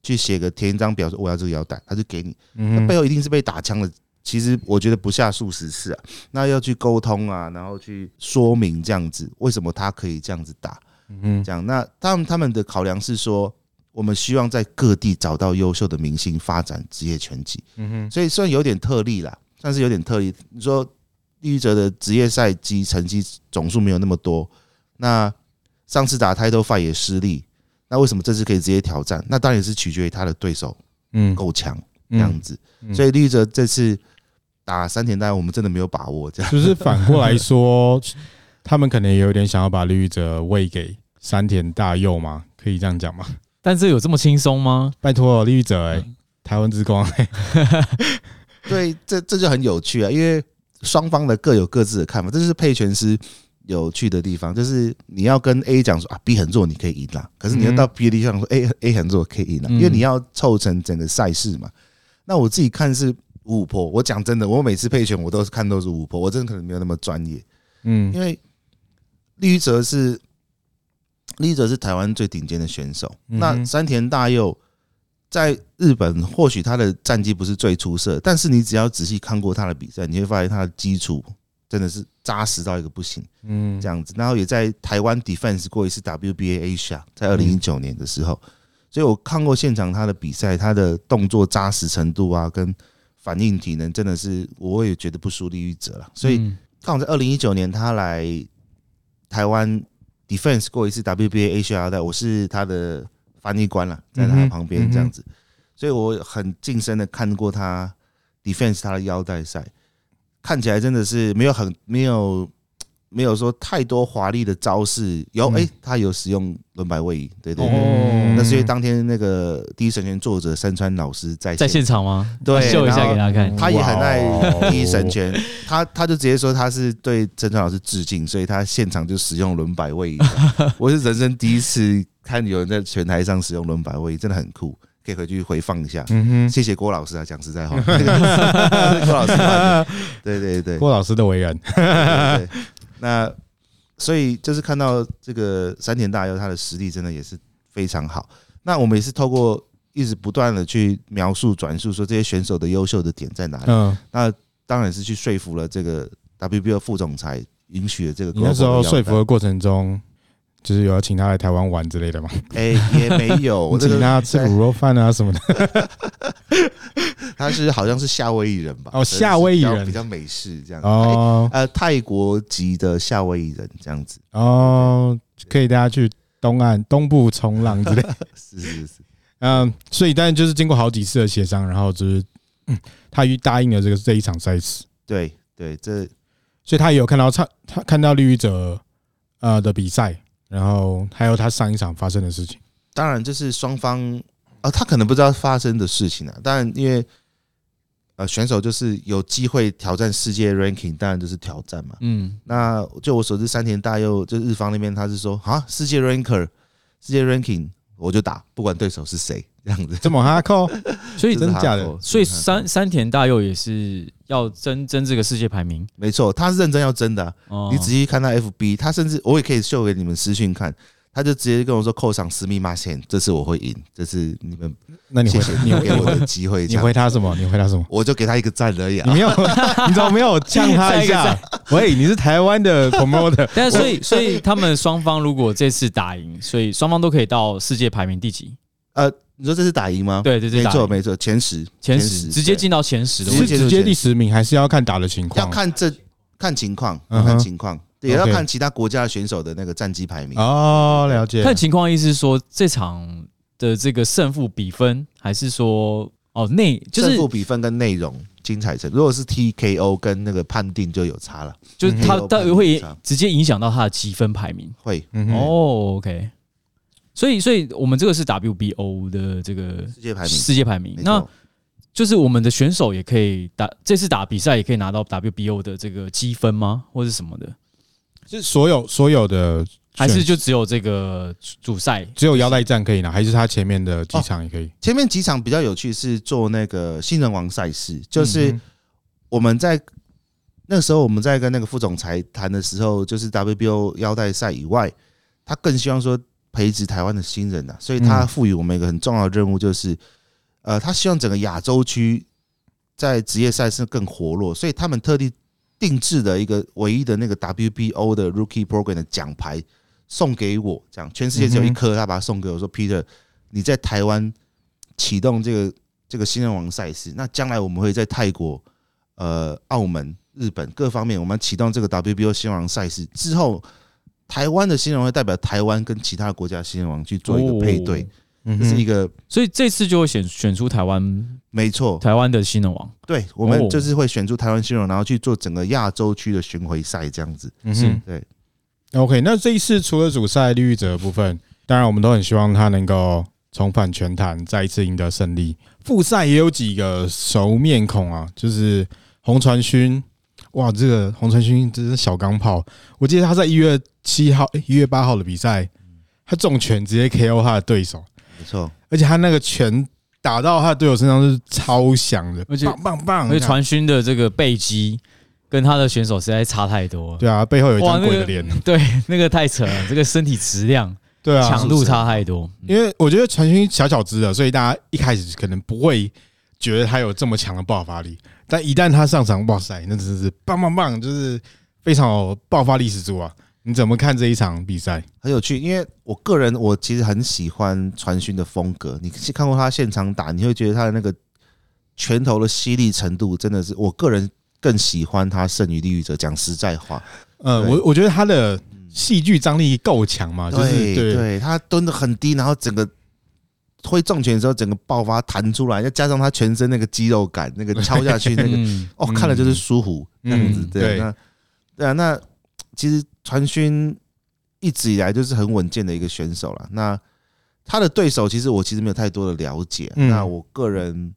去寫個填一張表說我要這個腰帶，他就給你，嗯。那背後一定是被打槍的，其實我覺得不下數十次啊。那要去溝通啊，然後去說明這樣子為什麼他可以這樣子打。嗯，這樣，那他們他們的考量，是說我們希望在各地找到優秀的明星發展職業拳擊。嗯哼，所以雖然有點特例啦，但是有點特例。你說李玉哲的職業賽季成績總數沒有那麼多，那。上次打 title fight 也失利，那為什麼這次可以直接挑戰？那當然也是取決於他的對手，嗯，夠強
這樣子。嗯嗯、所以綠澤這次打三田大佑，我們真的沒有把握，這樣就是，是反過來說， 他們可能有點想要把綠澤餵給三田大佑嗎？可以這樣講嗎？
但是有這麼輕鬆嗎？拜托、喔，綠澤哎，台灣之光、欸，
對，這這就很有趣啊，因為雙方的各有
各自的看法，這就是配拳師。有趣的地方就是你要跟 A 講說啊 B 很弱你可以贏啦，可是你要到 B 的地方說 A A 很弱可以贏啦，因為你要湊成整個賽事嘛。那我自己看是五五波，我講真的，我每次配拳我都是看都是五波。我真的可能沒有那麼專業。嗯，因為李宇哲是李宇哲是台灣最頂尖的選手，那山田大佑在日本或許他的戰績不是最出色，但是你只要仔細看過他的比賽，你會發現他的基礎。真的是扎實到一個不行，嗯，這樣子。然後也在台灣 defense 過一次 WBA Asia，在二零一九年的時候，所以我看過現場他的比賽，他的動作扎實程度啊，跟反應體能真的是我也覺得不輸李玉哲了。所以剛好在二零一九年，他來台灣 defense 過一次 WBA Asia 腰帶，我是他的翻譯官了，在他的旁邊這樣子，所以我很近身的看過他 defense 他的腰帶賽。看起來真的是沒有很沒有沒有說太多華麗的招式有，有、嗯、哎、欸，他有使用輪擺位移，對對對。那、嗯、是因為當天那個第一神拳作者山川老師在現在現場嗎？對，啊，秀一下給他看，他也很愛第一神拳，哦，他他就直接說他是對山川老師致敬，所以他現場就使用輪擺位移。 我是人生第一次看有人在拳台上使用輪擺位移，真的很酷。可以回去回放一下，謝謝郭老師啊！講實在話，嗯， 是郭老師，對對對，郭老師的為人。那所以就是看到這個山田大佑，他的實力真的也是非常好。那我們也是透過一直不斷的去描述、轉述，說這些選手的優秀的點在哪裡。那當然是去說服了這個 WBO 副總裁，允許了這個。那時候說服
的過程中。就是有要請他來台灣玩之類的嗎？哎、欸，也沒有，我 請他吃滷肉飯啊什麼的 。
他是好像是夏威夷人吧？哦，夏威夷人比較美式這樣子。哦、欸，呃，
泰國籍的夏威夷人這樣子。哦，可以帶他去東岸東部衝浪之類的。 是是是。嗯，所以但是就是經過好幾次的協商，然後就是、嗯、他於答應了這個這一場賽事。對對，這所以他也有看到他他看到綠衣者呃的比賽。然後還有他上一場發生的事情，
當然就是雙方啊、呃，他可能不知道發生的事情啊。當然因為呃選手就是有機會挑戰世界 ranking，當然就是挑戰嘛。嗯，那就我所知，三田大佑就日方那邊他是說啊，世界 ranker，世界 ranking。我就打，不管對手是誰，這樣子這麼 hardcore，所以真假的 call，所三，
所以山山田大佑也是要爭爭這個世界排名，沒錯，他是認
真要爭的啊。哦，你仔細看他 fb，他甚至我也可以秀給你們私訊看。他就直接跟我說：“扣上私密馬線，這次我會贏。這次你們，那你謝謝你給我的機會， 你回他什
麼？你回他什麼？我就給他一個讚而已啊！你沒有，你怎麼沒有嗆他一下
一？喂，你是台灣的 promoter。但所以，所以他們雙方如果這次打贏，所以雙方都可以到世界排名第幾？呃，你說這是打贏嗎？對對對，沒錯
沒錯，前十，前十，前十直接進到前十，我是直接第十名，還是要看打的情況？要
看這看情況，看
情況。要看
情
況” uh -huh.
Okay. 也要看其他國家選手的那個戰績排名
哦。Oh, 了解了，看情況。意思是說，這場的這個勝負比分，還是說哦內就是勝負比分跟內容精彩程度，如果是 TKO 跟那個判定就有差了，就是它大約會直接影響到它的積分排名。會、嗯、哦、oh，OK。所以，所以我們這個是 WBO 的這個世界排名，世界排名。那就是我們的選手也可以打這次打比賽，也可以拿到 WBO 的這個積分嗎？或是什麼的？
是所有所有的，還是就
只有這個主賽，只
有腰帶戰可以拿？還是他前面的幾場也可以、哦？前面幾場比較有趣，是做那
個新人王賽事。就是我們在那個時候，我們在跟那個副總裁談的時候，就是 WBO 腰帶賽以外，他更希望說培植台灣的新人吶、啊，所以他賦予我們一個很重要的任務，就是呃，他希望整個亞洲區在職業賽事更活絡，所以他們特地。定製的一個唯一的那個 WBO 的 Rookie Program 的獎牌送給我。這樣全世界只有一顆，他把它送給我說，Peter，你在台灣啟動這個這個新人王賽事，那將來我們會在泰國、呃、澳門、日本各方面，我們啟動這個 WBO 新人王賽事之後，台灣的新人王會代表台灣跟其他國家新人王去做一個配對。哦。哦哦哦哦哦嗯，就是一個，所以這次就會選選出台灣，沒
錯，台灣的新人王，對我們就是會選出台灣新人，然後去做整個亞洲區的巡迴賽這樣子。嗯哼，對。OK，那這一次除了主賽綠玉者部分，當然我們都很希望他能夠重返拳壇，再一次贏得勝利。複賽也有幾個熟面孔啊，就是洪傳勳，哇，這個洪傳勳真是小鋼炮。我記得他在一月七號、一月八號的比賽，他重拳直接 KO 他的對手。沒錯，而且他那個拳打到他隊友身上是超
響的，而且棒棒棒！因為傳訊的這個背肌跟他的選手實在差太多。對啊，背後有一張鬼、那個，的臉，對，那個太扯了， 這個身體質量，對啊，強度差太多。
因為我覺得傳訊小小隻啊，所以大家一開始可能不會覺得他有這麼強的爆發力，但一旦他上場，哇塞，那真是棒棒棒，就是非常有爆發力十足啊！你怎麼看這一場比賽？很有趣，因為我個人
我其實很喜歡傳訊的風格。你去看過他現場打，你會覺得他的那個拳頭的犀利程度真的是我個人更喜歡他勝於地獄者。講實在話，
呃，我我覺得他的戲劇張力夠強嘛，就是對，對，對他
蹲得很低，然後整個揮重拳的時候，整個爆發彈出來，再加上他全身那個肌肉感，那個敲下去那個、 嗯、哦、嗯，看了就是舒服樣子，嗯，對啊。對，對啊，那對啊，那其實。傳訊一直以來就是很穩健的一個選手了。那他的對手其實我其實沒有太多的了解。那我個人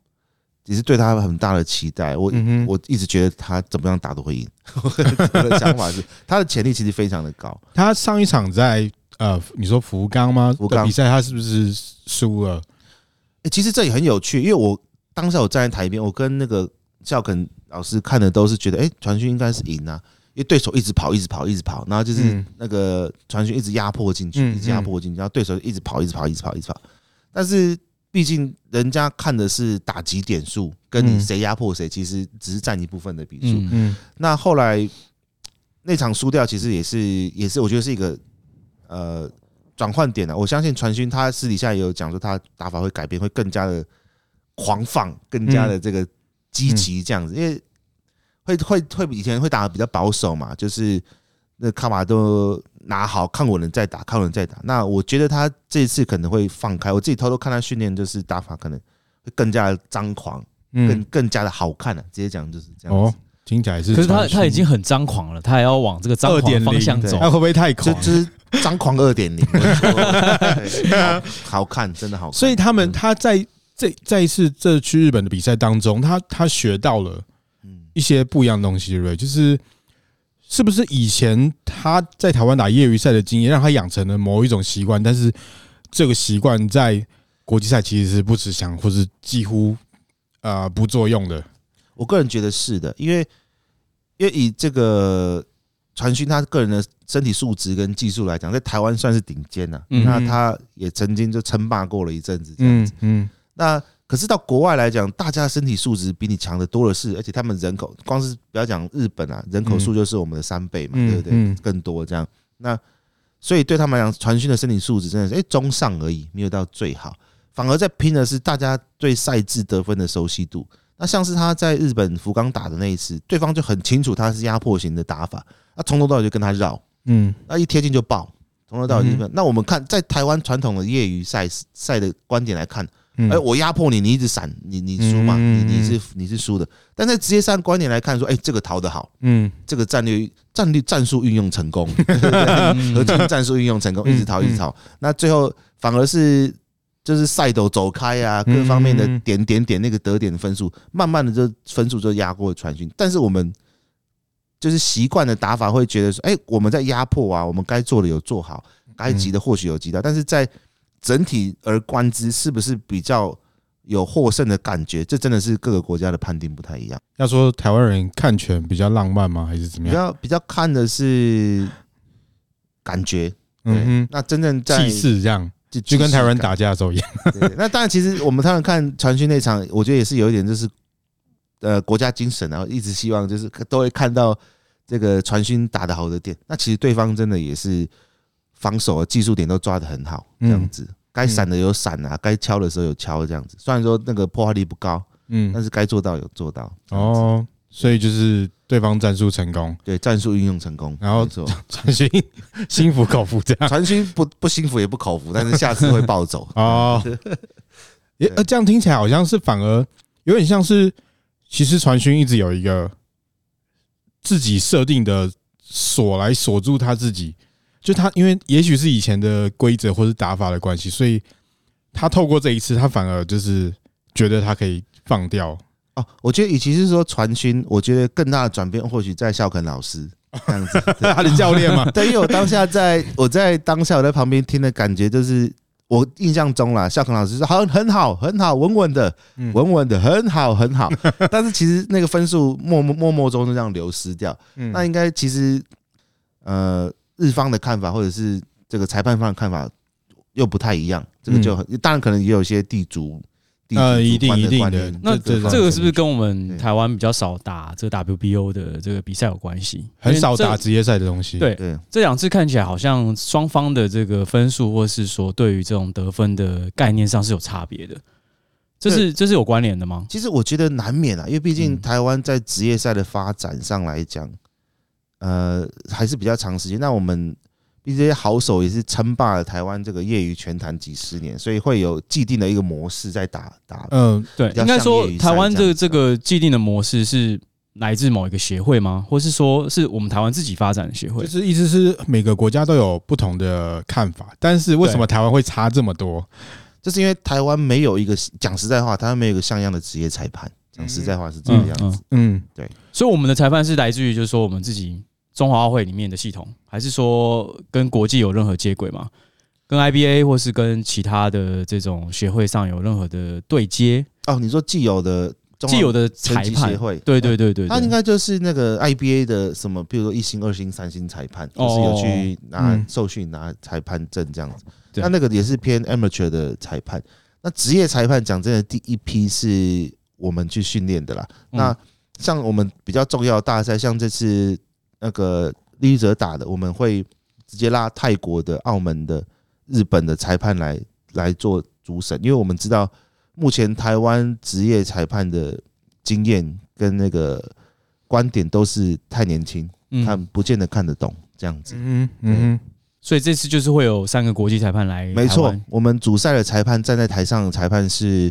也是對他有很大的期待。我我一直覺得他怎麼樣打都會贏。我的想法是他的潛力其實非常的高。
他上一場在呃，你說福岡嗎？福岡比賽他是不是輸了？哎，其實這也很有趣，因為我當時我
站在台邊，我跟那個教肯老師看的都是覺得，哎，傳訊應該是贏啊。對手一直跑，一直跑，一直跑，然後就是那個船訊一直壓迫進去，一直壓迫進去，然後對手一直跑，一直跑，一直跑，一直跑。但是畢竟人家看的是打擊點數，跟你誰壓迫誰，其實只是占一部分的比數。那後來那場輸掉，其實也是也是，我覺得是一個呃轉換點，啊，我相信船訊他私底下也有講說，他打法會改變，會更加的狂放，更加的這個積極這樣子，因為。會會會以前會打的比較保守嘛，就是那卡馬都拿好看，看我能再打，看我能再打。那我覺得他這一次可能會放開，我自己偷偷看他訓練，就是打法可能會更加的張狂，更更加的好看了，啊。直接講就是這樣子，哦，聽起來是。可是他他已經很
張狂了，
他還要往這個張狂的方向走。0，啊，會不會太狂？就、就是張狂二點零，好看，真的好看。所以他們他在這在一次這去日本的比賽當中，他他學到了。一些不一樣東西，對，就是是不是以前他在台灣打業餘賽的經驗，讓他養成了某一種習慣，但是這個習慣在國際賽其實是不理想，或是幾乎啊、呃、不作用的。我個人覺得是的，因為因為以這個
傳訊他個人的身體素質跟技術來講，在台灣算是頂尖的，那他也曾經就稱霸過了一陣子，這樣子，嗯，那。可是到國外來講，大家的身體素質比你強的多的是，而且他們人口光是不要講日本啊，人口數就是我們的三倍嘛，嗯，對不對，對？更多這樣，那所以對他們來講，傳訊的身體素質真的是誒中上而已，沒有到最好，反而在拼的是大家對賽制得分的熟悉度。那像是他在日本福岡打的那一次，對方就很清楚他是壓迫型的打法，他從頭到尾就跟他繞，嗯，那一貼近就爆，從頭到尾就跟他繞。那我們看在台灣傳統的業餘賽賽的觀點來看。哎、欸，我壓迫你，你一直閃，你你輸嘛，你你是你是輸的。但在職業上觀點來看，說哎、欸，這個逃得好，嗯，這個戰略戰略戰術運用成功，呵呵呵，戰術運用成功，一直逃一直逃，那最後反而是就是賽鬥走開啊，各方面的點點點那個得點的分數，慢慢的就分數就壓過傳訊。但是我們就是習慣的打法，會覺得說，哎，我們在壓迫啊，我們該做的有做好，該急的或許有急到，但是在。整體而觀之，是不是比較有獲勝的感覺？這真的是
各個國家的判定不太一樣。要說台灣人看拳比較浪漫嗎，還是怎麼樣？比較比較
看的是感覺，嗯哼。那真正在氣勢這樣，就就跟台灣人打架的時候一樣。那當然，其實我們台灣看傳訊那場，我覺得也是有一點，就是呃國家精神啊，然後一直希望就是都會看到這個傳訊打得好的點。那其實對方真的也是。防守啊，技術點都抓得很好，這樣子，該閃的有閃啊，該敲的時候有敲，這樣子。雖然說那個破壞力不高，嗯，
但是該做到有做到。哦，所以就是對方戰術成功，對，戰術運用成功，然後傳訊心服口服這樣。傳訊不不心服也不口服，但
是下次會暴走
哦。也呃，這樣聽起來好像是反而有點像是，其實傳訊一直有一個自己設定的鎖來鎖住他自己。就他，因為也許是以前的規則或是打法的關係，所以他透過這一次，他反而就是覺得他可以放掉哦。我覺得，與其是說傳訊，我覺得更大的轉變或許在孝肯老師這樣子，他的教練嘛。對。 對 因為我當下
在我在當下我在旁邊聽的感覺，就是我印象中啦，孝肯老師說很很好很好，穩穩的穩穩的很好很好，但是其實那個分數默默默默中就這樣流失掉。那應該其實呃。日方的看法，或者是這個裁判方的看法，又不太一樣。這個就很當然可能也有一些地主、地主，主管的管、嗯、一定，一定的定聯、這個。那、這個這個、
這，這個是不是跟我們台灣比較少打這個 WBO 的這個比賽有關係？很少打職業賽的東西對。對，這兩次看起來好像雙方的這個分數，或是說對於這種得分的概念上是有差別的。這是這是有關聯的嗎？其實我
覺得難免啊，因為畢竟台灣在職業賽的發展上來講。呃，還是比較長時間。那我們這些好手也是稱霸了台灣這個業餘拳壇幾十年，所以會有既定的一個模式在打打。
嗯、呃，對，3, 應該說台灣這個這個既定的模式是來自某一個協會嗎？或是說是我們台灣自己發展的協會？
就是意思是每個國家都有不同的看法，但是為什麼台灣會差這麼多？就是因為台灣沒有一個，講實在話，他沒有一個像樣的職業裁判。
講實在話是這個樣子嗯。嗯，對。所以我們的裁判是來自於，就是說我們自己。中華奧會裡面的系統，還是說跟國際有任何接軌嗎？跟 IBA 或是跟其他的這種協會上有任何的對接？哦，你說既有的中既有的裁判協會，對對對對、嗯，他應
該就是那個 IBA 的什麼，比如說一星、二星、三星裁判，就是有去拿受訓、哦、拿裁判證這樣子、嗯。那那個也是偏 amateur 的裁判。那職業裁判，講真的，第一批是我們去訓練的啦、嗯。那像我們比較重要大賽，像這次。那個利益者打的，我們會直接拉泰國的、澳門的、日本的裁判來來做主審，因為我們知道目前台灣職業裁判的經驗跟那個觀點都是太年輕，他們不見得看得懂這樣
子。嗯嗯，所以這次就是會有三個國際裁判來。沒錯，
我們主賽的裁判站在台上的裁判是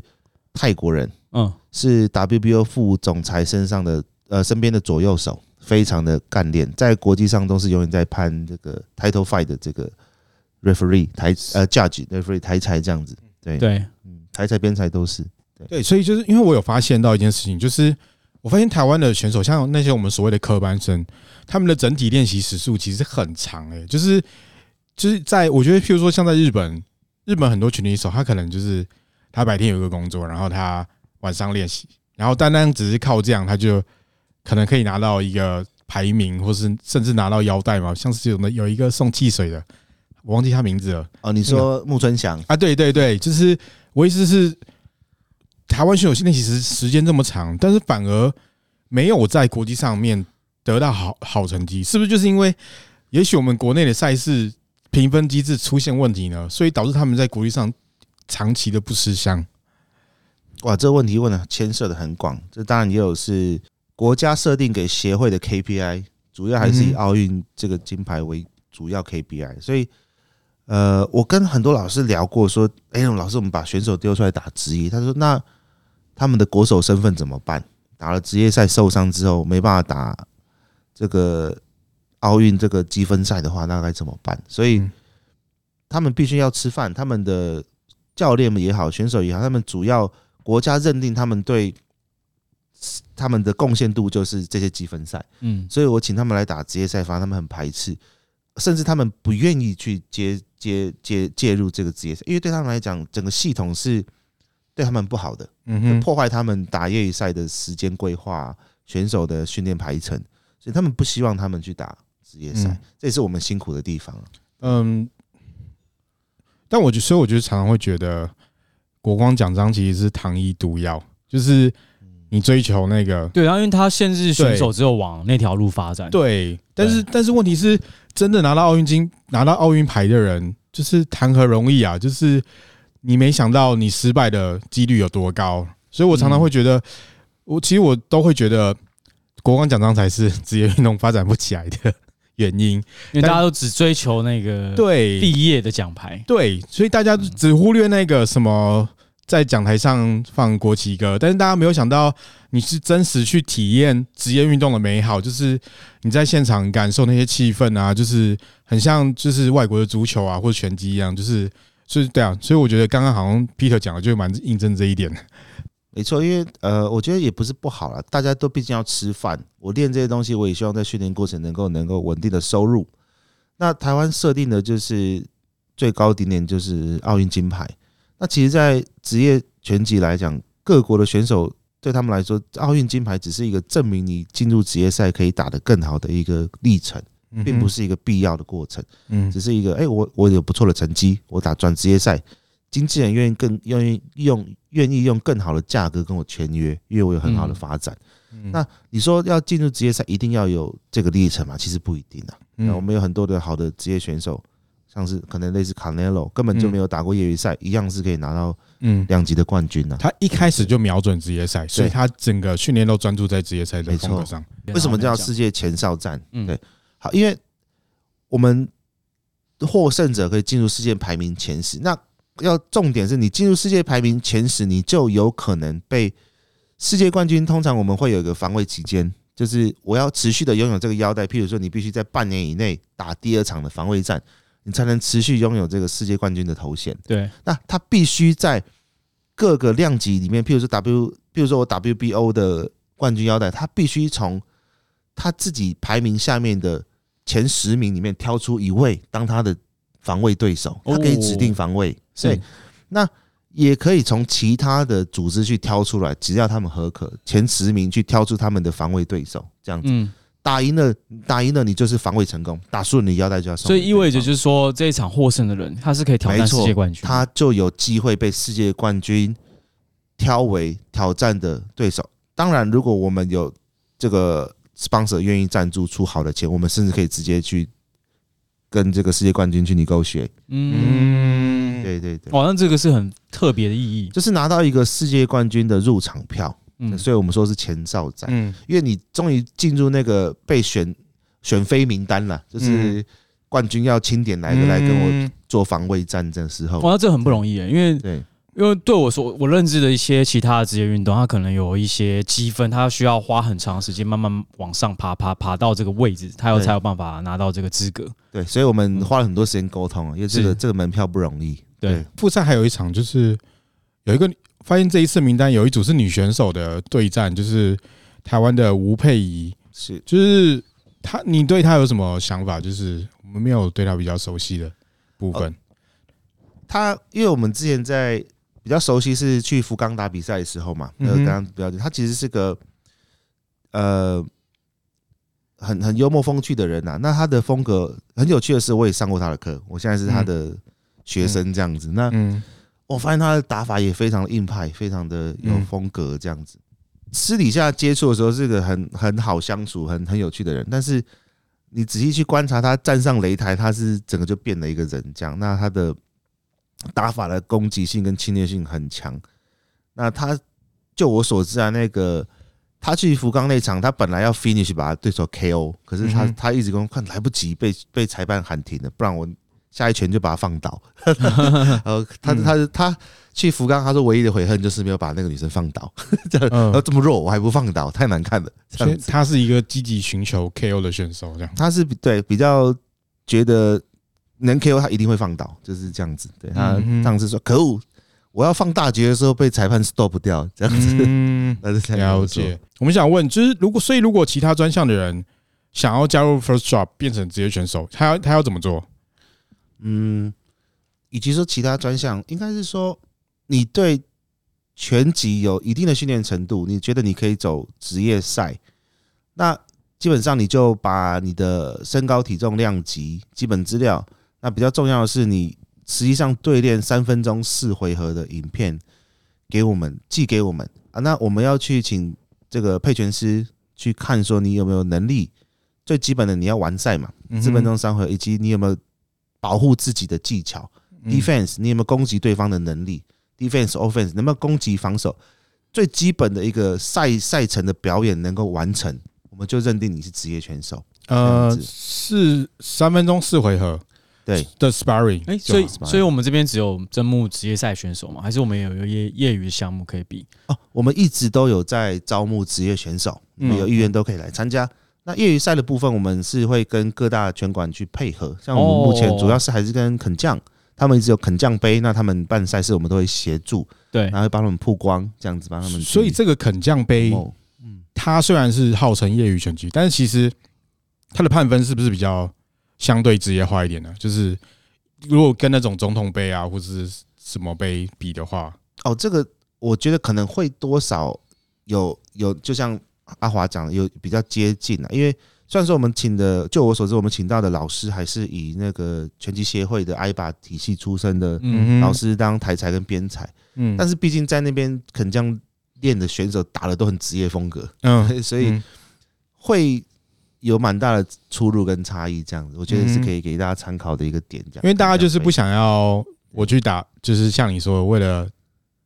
泰國人，嗯，是 WBO 副總裁身上的呃身邊的左右手。非常的幹練，在國際上都是永遠在判這個 title fight 的這個 referee 台呃 judge referee 台裁這樣子，對對，嗯，台裁邊裁都是
對，所以就是因為我有發現到一件事情，就是我發現台灣的選手，像那些我們所謂的科班生，他們的整體練習時數其實很長誒、欸，就是就是在我覺得，譬如說像在日本，日本很多拳擊手，他可能就是他白天有一個工作，然後他晚上練習，然後單單只是靠這樣，他就。可能可以拿到一個排名，或是甚至拿到腰帶嘛？像是什麼的，有一個送汽水的，我忘記他名字了。哦，你說木村翔、嗯、啊？對對對，就是我意思是，台灣選手訓練其實時間這麼長，但是反而沒有在國際上面得到好好成績，是不是就是因為也許我們國內的賽事評分機制出現問題呢？所以導致他們在國際上長期的不吃香。哇，這個問題問的牽涉的很
廣，這當然也有是。國家設定給協會的 KPI，主要還是以奧運這個金牌為主要 KPI。所以，呃，我跟很多老師聊過，說：“哎，老師，我們把選手丟出來打職業。”他說：“那他們的國手身份怎麼辦？打了職業賽受傷之後，沒辦法打這個奧運這個積分賽的話，那該怎麼辦？”所以，他們必須要吃飯。他們的教練們也好，選手也好，他們主要國家認定他們對。他們的貢獻度就是這些積分賽，嗯，所以我請他們來打職業賽，發現他們很排斥，甚至他們不願意去接接介入這個職業賽，因為對他們來講，整個系統是對他們不好的，嗯，破壞他們打業餘賽的時間規劃、選手的訓練排程，所以他們不希望他們去打職業賽，這也是我們辛苦的地方，嗯。
嗯，但我就所以我就常常會覺得國光獎章其實是糖衣毒藥，就是。你追求那個，
對，然後因為他限制選手只有往那條路發展對，對。但是，但
是問題是，真的拿到奧運金、拿到奧運牌的人，就是談何容易啊！就是你沒想到你失敗的幾率有多高。所以我常常會覺得，嗯、我其實我都會覺得，國光獎章才是職業運動發展不起來的
原因，因為大家都只追求那個對畢業的獎牌，
對，所以大家只忽略那個什麼。在講臺上放國旗歌，但是大家沒有想到你是真實去體驗職業運動的美好，就是你在現場感受那些氣氛啊，就是很像就是外國的足球啊或者拳擊一樣，就是所以對啊，所以我覺得剛剛好像 Peter 講的就蠻印證這一點，沒錯，因為呃，我覺
得也不是不好啦，大家都畢竟要吃飯，我練這些東西，我也希望在訓練過程能夠能夠穩定的收入。那台灣設定的就是最高頂點就是奧運金牌。那其實，在職業拳擊來講，各國的選手對他們來說，奧運金牌只是一個證明你進入職業賽可以打得更好的一個歷程，並不是一個必要的過程。嗯，只是一個，誒，我我有不錯的成績，我打轉職業賽，經紀人願意更願意用願意用更好的價格跟我簽約，因為我有很好的發展。那你說要進入職業賽一定要有這個歷程嗎？其實不一定啊。我們有很多的好的職業選手。像是可能類似卡內洛根本就沒有打過業
餘賽，一樣是可以拿到嗯兩級的冠軍、啊、他一開始就瞄準職業賽，所以他整個訓練都專注在職業賽的風格上。沒錯，為什麼叫世界前哨戰？嗯、對，好，
因為我們獲勝者可以進入世界排名前十。那要重點是你進入世界排名前十，你就有可能被世界冠軍。通常我們會有一個防衛期間，就是我要持續的擁有這個腰帶。譬如說，你必須在半年以內打第二場的防衛戰。才能持續擁有這個世界冠軍的頭銜。對，那他必須在各個量級裡面，譬如說 W，譬如說我 WBO 的冠軍腰帶，他必須從他自己排名下面的前十名裡面挑出一位當他的防衛對手，他可以指定防衛。是，那也可以從其他的組織去挑出來，只要他們合格前十名去挑出他們的防衛對手，這樣子、嗯。打贏了，打贏了，你就是防衛成功；打輸了，你腰帶就要送。所以意
味着就是說，這一場獲勝的人，他是可以挑戰世界冠軍，他
就有機會被世界冠軍挑為挑戰的對手。當然，如果我們有這個 sponsor 願意贊助出好的錢，我們甚至可以直接去跟這個世界冠軍去 negotiate。嗯，嗯，對對對。
好像這個是很特別的意義，就是拿到
一個世界冠軍的入場票。嗯，所以我們說是前哨戰，嗯，因為你終於進入那個被選選飛名單了，就是冠軍要欽點來的，來跟我做防衛戰爭的時候。嗯、哇，這個、很不容易啊，因
為對，因為對我說，我認知的一些其他的職業運動，他可能有一些積分，他需要花很長時間慢慢往上爬、爬、爬到這個位置，他有才有辦法拿到這個資格
對對，所以我們花了很多時間溝通，嗯，因為這個這個門票不容易。對，複賽還有一場，就是有一個。發現這一次名單有一組是女選手的對戰，就是台灣的吳佩儀，是就是她，你對她有什麼想法？就是我們沒有對她比較熟悉的部分。她，
因為我們之前在比較熟悉是去福岡打比賽的時候嘛，福岡比較近。她其實是個呃很很幽默風趣的人吶、啊。那她的風格很有趣的是，我也上過她的課，我現在是她的學生這樣子、嗯。嗯嗯、那嗯。我發現他的打法也非常硬派，非常的有風格，這樣子。私底下接觸的時候是個很很好相處、很很有趣的人，但是你仔細去觀察他站上擂台，他是整個就變了一個人。這樣，那他的打法的攻擊性跟侵略性很強。那他就我所知啊，那個他去福岡那場，他本來要 finish 把他對手 KO，可是他他一直跟我看來不及，被被裁判喊停了，不然我。下一拳就把他放倒，呃，他他他去福岡，他說唯一的悔恨就是沒有把那個女生放倒。嗯，這，這麼弱我還不放倒，太難看了。所以他
是一個積極尋求 KO 的選手，這樣，
他是對比較覺得能 KO 他一定會放倒，就是這樣子。對，他上
次說可惡，我要放大局的時候被裁判 stop 掉，這樣子。嗯， 嗯、了解。我們想問，就是如果，所以如果其他專項的人想要加入 First Drop 變成職業選手，他要他要怎麼做？嗯，以及說其他專項，
應該是說你對拳擊有一定的訓練程度，你覺得你可以走職業賽，那基本上你就把你的身高、體重、量級基本資料，那比較重要的是你實際上對練三分鐘四回合的影片給我們寄給我們啊，那我們要去請這個配拳師去看，說你有沒有能力最基本的你要完賽嘛，四分鐘三回合，以及你有沒有。保護自己的技巧，defense，你有沒有攻擊對方的能力？defense，offense，能不能攻擊防守？最基本的一個賽賽程的表演能夠完成，我們就認定你是職業選手。
呃，是三分鐘四回合，對，the sparring、欸。所以，所以
我們這邊只有徵募職業賽選手嗎？還是我們也有業業餘的項目可以比？哦、啊，我們一直都有在
招募職業選手，有意願都可以來參加。那業餘賽的部分，我們是會跟各大拳館去配合。像我們目前主要是還是跟肯將，他們一直有肯將盃，那他們
辦賽事，我們都會協助，對，然後幫他們曝光，這樣子幫他們。所以這個肯將盃，嗯，它雖然是號稱業餘拳擊，但是其實它的判分是不是比較相對職業化一點呢？就是如果跟那種總統盃啊，或者是什麼盃比的話，
哦，這個我覺得可能會多少有有，就像。阿華講的有比較接近啊，因為雖然說我們請的，就我所知，我們請到的老師還是以那個拳擊協會的 IBA 體系出身的老師當台裁跟邊裁，嗯，但是畢竟在那邊肯將練的選手打的都很職業風格，嗯，所以會有蠻大的出入跟差異，這樣子，我覺得是可以給大家參考的一個點，因為
大家就是不想要我去打，就是像你說的為了。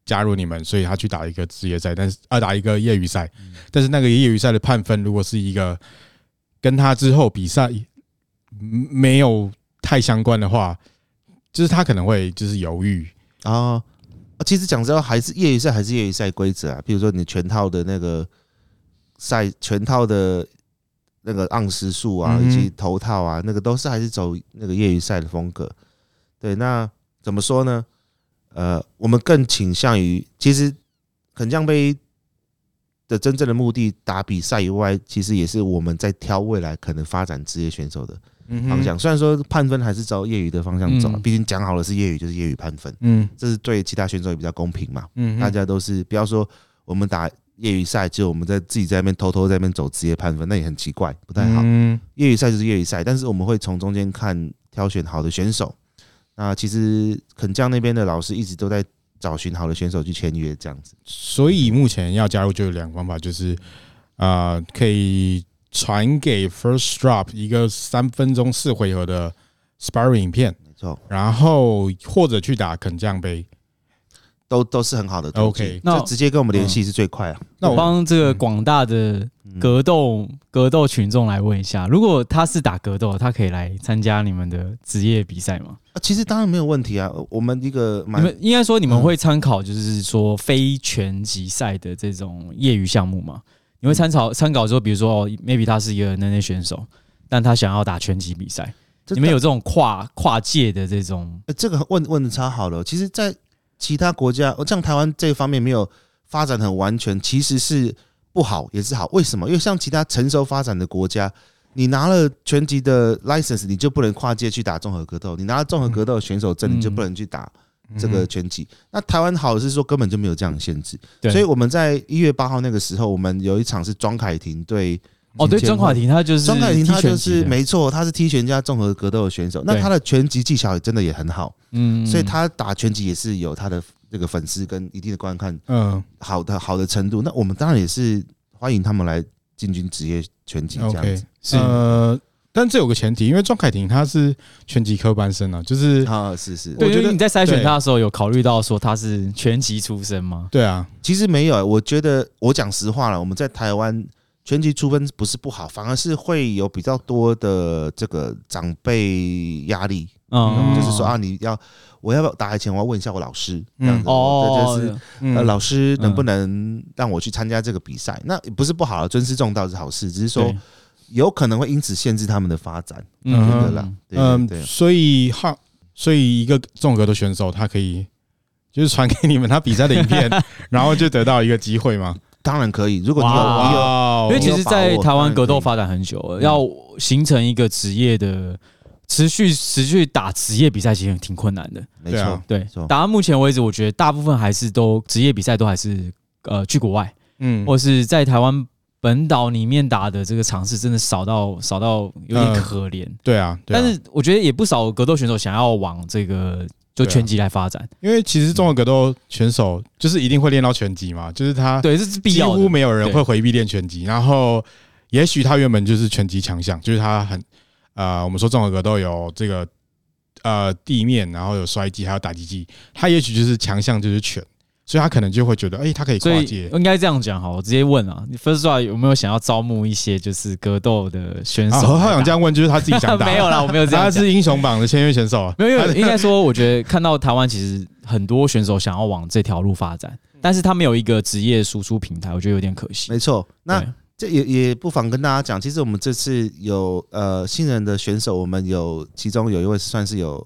加入你們，所以他去打一個職業賽，但是要、啊、打一個業餘賽。但是那個業餘賽的判分，如果是一個跟他之後比賽沒有太相關的話，就是他可能會就是猶豫
啊、哦。其實講真還是業餘賽，還是業餘賽規則啊。比如說你全套的那個賽，全套的那個盎司數啊，以及頭套啊，那個都是還是走那個業餘賽的風格、嗯。對，那怎麼說呢？呃，我們更傾向於，其實肯將杯的真正的目的，打比賽以外，其實也是我們在挑未來可能發展職業選手的方向。雖然說判分還是朝業餘的方向走，畢竟講好了是業餘，就是業餘判分。嗯，這是對其他選手也比較公平嘛。嗯，大家都是不要說我們打業餘賽，就我們在自己在那邊偷偷在那邊走職業判分，那也很奇怪，不太好。嗯，業餘賽就是業餘賽，但是我們會從中間看挑選好的選手。啊，其實肯將那邊的老師
一直都在找尋好的選手去簽約這樣子，所以目前要加入就有兩個方法，就是啊、呃，可以傳給 First Drop 一個三分鐘四回合的 Sparring 影片，沒錯，然後或者去打肯將杯。都都是很好的。OK，
那直接跟我們聯繫是最
快啊。嗯、那我
幫這個廣大的格鬥、嗯嗯、格鬥群眾來問一下：如果他是打格鬥，他可以來參加你們的職業比賽嗎？啊，其實當然沒有問題啊。我們一個蠻你們應該說，你們會參考，就是說非拳擊賽的這種業餘項目嗎？你會參考參、嗯、考說，比如說哦，maybe 他是一個 nana 選手，但他想要打拳擊比賽，你們有這種跨跨界的這種？呃、欸，這個問問得超好的。其實，在
其他國家，我像台灣這方面沒有發展很完全，其實是不好也是好。為什麼？因為像其他成熟發展的國家，你拿了拳擊的 license，你就不能跨界去打綜合格鬥；你拿了綜合格鬥選手證，你就不能去打這個拳擊。那台灣好的是說根本就沒有這樣的限制，所以我們在一月八號那個時候，我們有一場是莊凱婷對。哦，對，莊凱婷他就是莊凱婷，他就是沒錯，他是踢拳加綜合格鬥的選手。那他的拳擊技巧真的也很好，嗯，
嗯，所以他
打拳擊也是有他的這個粉絲跟一定的觀看，嗯，好的好的程度、嗯。那我們當然也是
歡迎他們來進軍職業拳擊這樣子、嗯 okay, 是。呃，但這有個前提，因為莊凱婷他是拳擊科班生啊，就是啊是是，對，我覺得你在篩選他的時候有考慮
到說他是拳擊出身嗎？
對啊，其實沒有、欸，我覺得我講實話啦，我
們在台灣。全級出分不是不好，反而是會有比較多的這個長輩壓力，嗯，嗯，就是說啊，你要我要不要打泰拳，我要問一下我老師，嗯、這樣子，哦、就是、嗯啊、老師能不能讓我去參加這個比賽、嗯？那不是不好，尊師重道是好事，只、就是說有可能會因此限制他們的發展，了嗯，對，對,對，得，嗯，
所以哈，所以一個綜合的選手，他可以就是傳給你們他比賽的影片， 然後就得到一個機會嘛。當然可以，如果你有，wow, 你有因為其實，在台灣格鬥
發展很久了，要形成一個職業的持續持續打職業比賽，其實挺困難的。沒錯，對，沒錯，打到目前為止，我覺得大部分還是都職業比賽都還是呃去國外，嗯，或是在台灣本島裡面打的這個場次，真的少到少到有點可憐，呃啊。對啊，但是我覺得也不少格鬥選手想要往這個。就拳擊來發展，啊、因為
其實綜合格鬥選手就是一定會練到拳擊嘛，就是他對，是幾乎沒有人會回避練拳擊。然後，也許他原本就是拳擊強項，就是他很呃，我們說綜合格鬥有這個呃地面，然後有摔技，還有打擊技，他也許就是強項就是拳。所以他可能就會覺得，哎、欸，他可以跨界。
應該這樣講哈，我直接問啊，你 First Drop 有沒有想要招募一些就是格鬥的選手？他、啊、想這樣問，就是他自己想打。 沒有啦，我沒有這樣。他是英雄榜的簽約選手。 沒有，應該說，我覺得看到台灣其實很多選手想要往這條路發展，嗯，但是他沒有一個職業輸出平台，我覺得有點可惜。沒錯，
那這也也不妨跟大家講，其實我們這次有呃新人的選手，我們有其中有一位算是有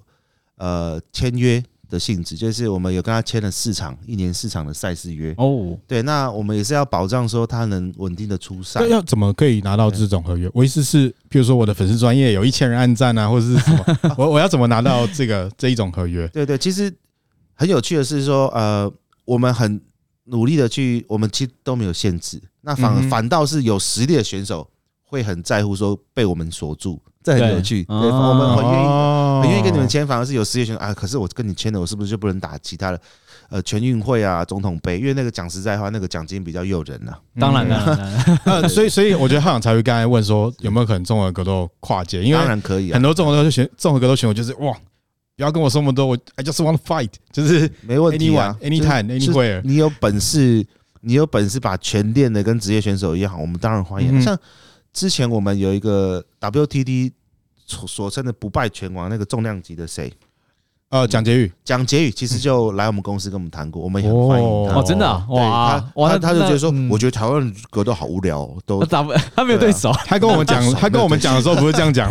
呃簽約。的性質就是我們有跟他簽了四場，一年四場的賽事約哦，oh. 對，那我們也是要保障說他能
穩定的出賽。要怎麼可以拿到這種合約？我意思是，譬如說我的粉絲專業有一千人按讚啊，或者是什麼， 我我要怎麼拿到這個 這一種合約？對，對對，其實很有
趣的是說，呃，我們很努力的去，我們其實都沒有限制，那反而反倒是有實力的選手會很在乎說被我們鎖住。這很有趣對對、哦對，我們很願意，很願意跟你們簽。反而是有事業選、哦、啊，可是我跟你簽的，我是不是就不能打其他
的，呃，全運會啊，總統杯？因為那個講實在的話，那個獎金比較誘人啊。當然了，嗯嗯嗯啊、對對所以，所以我覺得浩洋才會剛才問說，有沒有可能綜合格鬥跨界？因為當然可以，很多綜合格鬥選綜合格鬥選手就是哇，不要跟我說那麼多，我 I just want fight，就是 anyone, 沒問題啊，any time，anywhere，
你有本事，你有本事把拳練的跟職業選手一樣，我們當然歡迎、嗯。像之前我們有一個 WTT。所稱的不敗拳王那個重量級的誰？呃，蔣潔宇，蔣潔宇其實就來我們公司跟我們談過，我們也很歡迎他。哦，真的、啊哇啊對？哇，他他就覺得說、嗯，我覺得台灣人格鬥好無聊，都他沒有對手，對、啊、他對手。他跟我們講，他跟我們講的時候不是這樣講，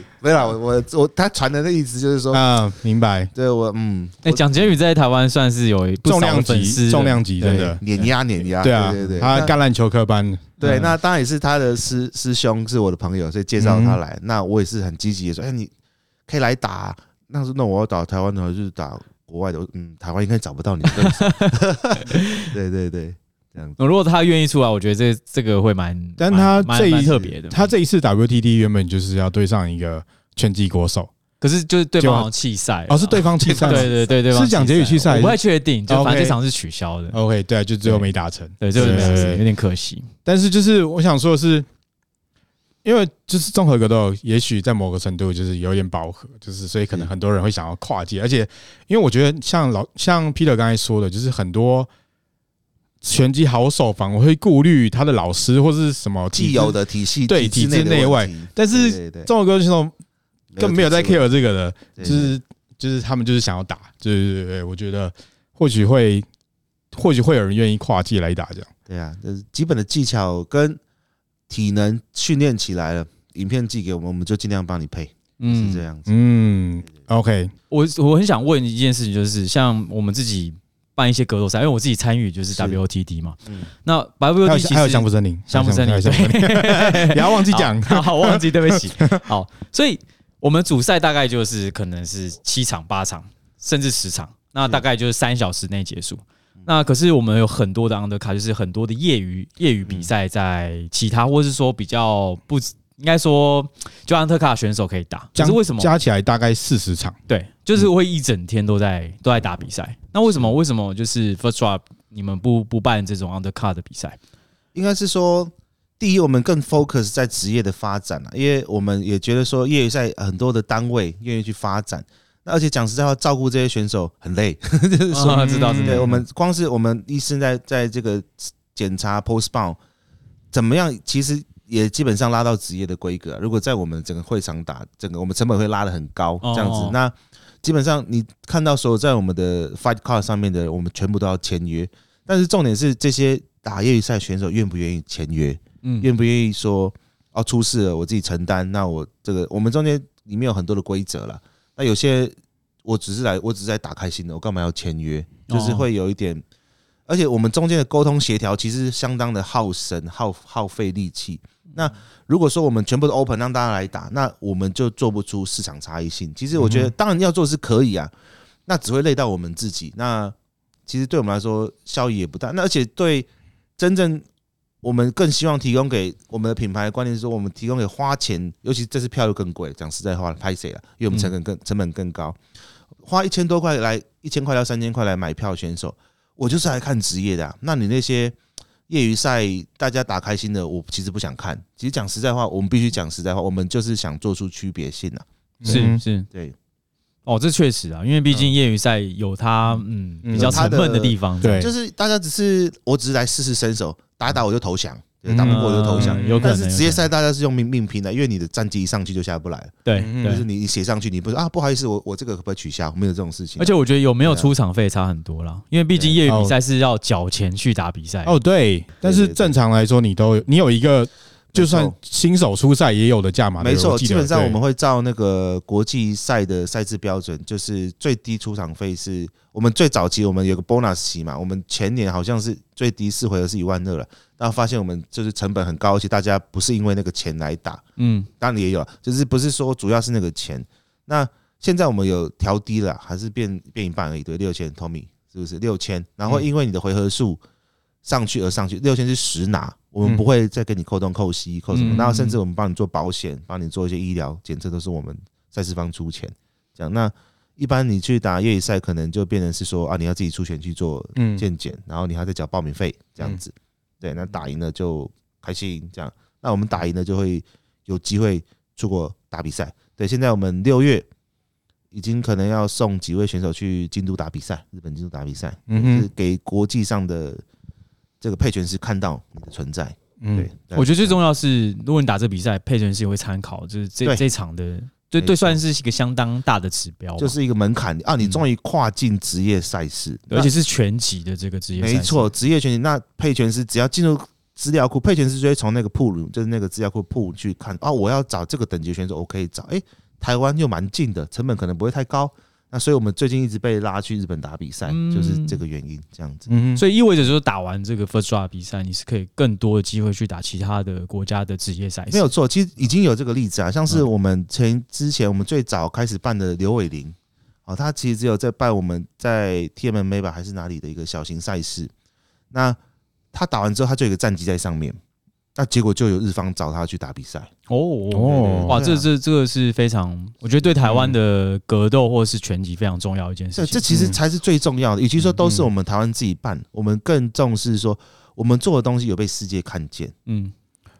沒有啦，我我，我他傳的那意思就是說嗯、啊，明白。對我，嗯，
哎，蔣潔宇在台灣算是有的重量級，重量級真的對碾壓碾壓。對啊，對對、對，他橄欖球科班。嗯對，那
當然也是他的師師兄是我的朋友，所以介紹他來。嗯嗯，那我也是很積極的說，哎、欸，你可以來打、啊。那說那我要打台灣的，
就是打國外的。嗯，台灣應該找不到你對手。 對對對，這樣。如果他願意出來，我覺得這這個會蠻，但他這一次特別的，他這一次 WTT
原本就是要對上一個拳擊國手。可是就是對方棄賽，哦，是對方棄賽，對對對，對，對是蔣結宇棄賽，我不太確定，就反正這場是取消的。OK，okay 對啊，就最後沒達成對，對，就是，是對對對對對對，有點可惜。但是就是我想說的是，因為就是綜合格鬥，也許在某個程度就是有點飽和，就是所以可能很多人會想要跨界。而且因為我覺得像老像 Peter 剛才說的，就是很多拳擊好手反而會顧慮他的老師或者是什麼既有的體系，對體制內外，外。但是綜合格鬥根本沒有在 care 這個的，就是就是他們就是想要打，就是我覺得或許會或許會有人願意跨界來打這樣。對啊，就是基本的技巧跟體能訓練起來了，
影
片寄給我們，我們就盡量幫你配，是這樣子。嗯，OK，我我很想問一件事情，就是像我們自己辦一些格鬥賽，因為我自己參與就是 WOTD 嘛，那 WOTD 還有《相撲森林》福，相撲森林，不要忘記講，好我忘記，對不起，好，所以。我們主賽大概就是可能是七場八場甚至十場，那大概就是三小時內結束。那可是我們有很多的 u n d e r c u t 就是很多的業餘業餘比賽，在其他或是說比較不應該說，就 u n d e r c u t 選手可以打。這、就是為什麼？加，加起
來大概四十場，
對，就是會一整天都在、嗯、都在打比賽。那為什麼為什麼就是 First Drop 你們不不辦這種 u n d e r c u t 的比賽？應該是說。第一，我們更 focus 在職業的發展了，
因為我們也覺得說業餘賽很多的單位願意去發展。那而且講實在話，照顧這些選手很累，嗯， 知道，嗯，對。我們光是我們醫生在在這個檢查 postpone 怎麼樣，其實也基本上拉到職業的規格啊。如果在我們整個會場打，整個我們成本會拉得很高這樣子哦。那基本上你看到所有在我們的 fight card 上面的，我們全部都要簽約。但是重點是這些打業餘賽選手願不願意簽約？嗯，願不願意說？哦，出事了，我自己承擔。那我這個，我們中間裡面有很多的規則了。那有些，我只是來，我只是在打開心的。我幹嘛要簽約？就是會有一點，而且我們中間的溝通協調其實相當的耗神、耗耗費力氣。那如果說我們全部都 open，讓大家來打，那我們就做不出市場差異性。其實我覺得，當然要做是可以啊，那只會累到我們自己。那其實對我們來說效益也不大。那而且對真正。我們更希望提供給我們的品牌，觀念是說，我們提供給花錢，尤其這次票又更貴。講實在話，拍謝啊？因為我們成本更成本更高，花一千多塊來，一千塊到三千塊來買票選手，我就是來看職業的啊。那你那些業餘賽，大家打開心的，我其實不想看。其實講實在話，我們必須講實在話，
我們就是想做出區別性啊嗯。是是，對，哦，這確實啊，因為畢竟業餘賽有它嗯比較沉悶的地方。對，對，就是
大家只是我只是來試試身手。打一打我就投降，打不過我就投降。有可能職業
賽大家是用命命拼的，因為
你的戰績一上去就下不來，對，對，就是你你寫上去，你不是啊？不好意思，我我這個可不可以取消？沒有這種事
情、啊。而且我覺得有沒有出場費差很多了，因為畢竟業餘比賽是要繳錢去打比賽、哦。哦，
對。但是正常來說，你都有你有一個。就算新手初賽也有的價碼，沒錯，基本上我們
會照那個國際賽的賽制標準，就是最低出場費是。我們最早期我們有個 bonus 席嘛，我們前年好像是最低四回合是一萬二了，後發現我們就是成本很高，而且大家不是因為那個錢來打，嗯，當然也有，就是不是說主要是那個錢。那現在我們有調低了，還是變變一半而已，對，六千同 o 是不是六千？然後因為你的回合數上去而上去，六千是十拿。我們不會再給你扣東扣西扣什麼，然後甚至我們幫你做保險，幫你做一些醫療檢測，都是我們賽事方出錢，這樣。那一般你去打業餘賽，可能就變成是說啊，你要自己出錢去做健檢，然後你還在繳報名費這樣子。對，那打贏了就開心這樣。那我們打贏了就會有機會出國打比賽。對，現在我們六月已經可能要送幾位選手去京都打比賽，日本京都打比賽，是給國際上的，這個配拳師，看到你的存在，嗯對，嗯，我覺得
最重要是，如果你打這比賽，配拳師也會參考，就是這這場的，對對，算是一個相當大的指標，就是一個門檻啊，你
終於跨進職業賽事、嗯，而且是全級的這個職業賽事沒錯，沒錯，職業全級。那配拳師只要進入資料庫，配拳師就會從那個 pool，就是那個資料庫 pool 去看啊，我要找這個等級選手，我可以找，哎、欸，台灣又蠻近的，成本可能不會太高。那所以，我們最近
一直被拉去日本打比賽、嗯，就是這
個原因，這樣子。嗯，
所以意味着，就是打完這個 First Drop 比賽，你是可以更多的機會去打其他的國家的職業賽事。沒有錯，其實已經有這個
例子啊，像是我們前之前我們最早開始辦的劉偉林，哦，他其實只有在辦我們在 TMMA 吧，還是哪裡的一個小型賽事，那他打完之後，他就有一個戰績在上面。那結果就有日方找他去打比賽
哦，哇，這個、這個、這個是非常，我覺得對台灣的格鬥或者是拳擊非常重要一
件事、嗯對，這其實才是最重要的，與其說都是我們台灣自己辦、嗯，我們更重視說我們做的東西有被世界看見，嗯，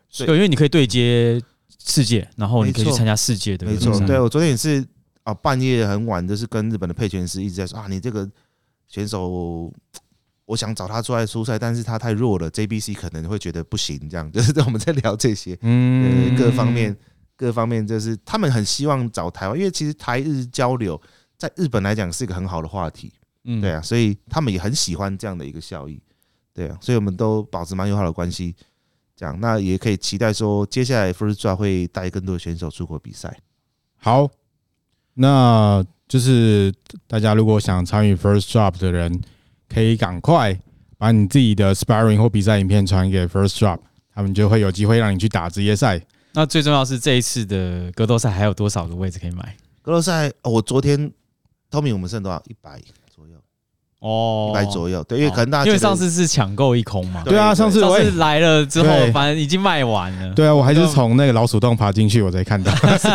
所以對，因為你可以對接世界，然後你可以去參加世界的，沒錯，對，對，、嗯、對，我
昨天也是啊，半夜很晚的、就是跟日本的配拳師一直在說啊，你這個選手。我想找他出來出賽，但是他太弱了。JBC 可能會覺得不行，這樣就是在我們在聊這些，嗯、呃，各方面，各方面就是他們很希望找台灣，因為其實台日交流在日本來講是一個很好的話題，嗯，對啊，所以他們也很喜歡這樣的一個效益，對啊，所以我們都保持蠻友好的關係，這樣那也可以期待說接下來 First Drop 會帶更多
選手出國比賽。好，那就是大家如果想參與 First Drop 的人。可以趕快把你自己的 sparring 或比賽影片傳給 First Drop，他們就會有機會讓你去打職業賽。
那最重要是這一次的格鬥賽還有多少個位置可以買？格鬥賽，哦，我昨天 Tommy，我們剩多少？一百。哦，一百左右，對，oh, 因為可能大家因為上次是搶購一空嘛，對啊，上次是，欸、來了之後，反正已經賣完了。
對
啊，我還是從那個老鼠洞爬進去我才看到 。
對笑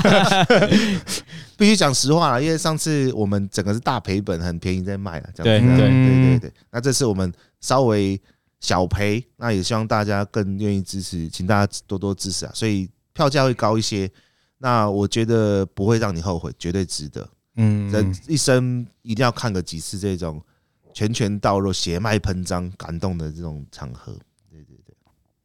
必須講實話了，因為上次我們整個是大賠本，很便宜在賣了。這樣子，這樣對對對對、嗯、對對對，那這次我們稍微小賠，那也希望大家更願意支持，請大家多多支持啊。所以票價會高一些，那我覺得不會讓你後悔，絕對值得。嗯，嗯，人一生一定要看個幾次這種。拳拳到肉，血脈噴張，感動的這種場合，對對對，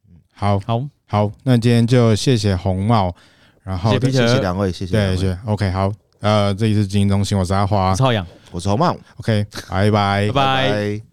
嗯
好，好好好，那今天就謝謝紅帽，然後謝謝兩位，謝謝謝謝，OK，好，呃，這裡是經營中心，我是阿華，我是朝陽，我是紅帽，OK，拜拜拜拜。Bye bye bye bye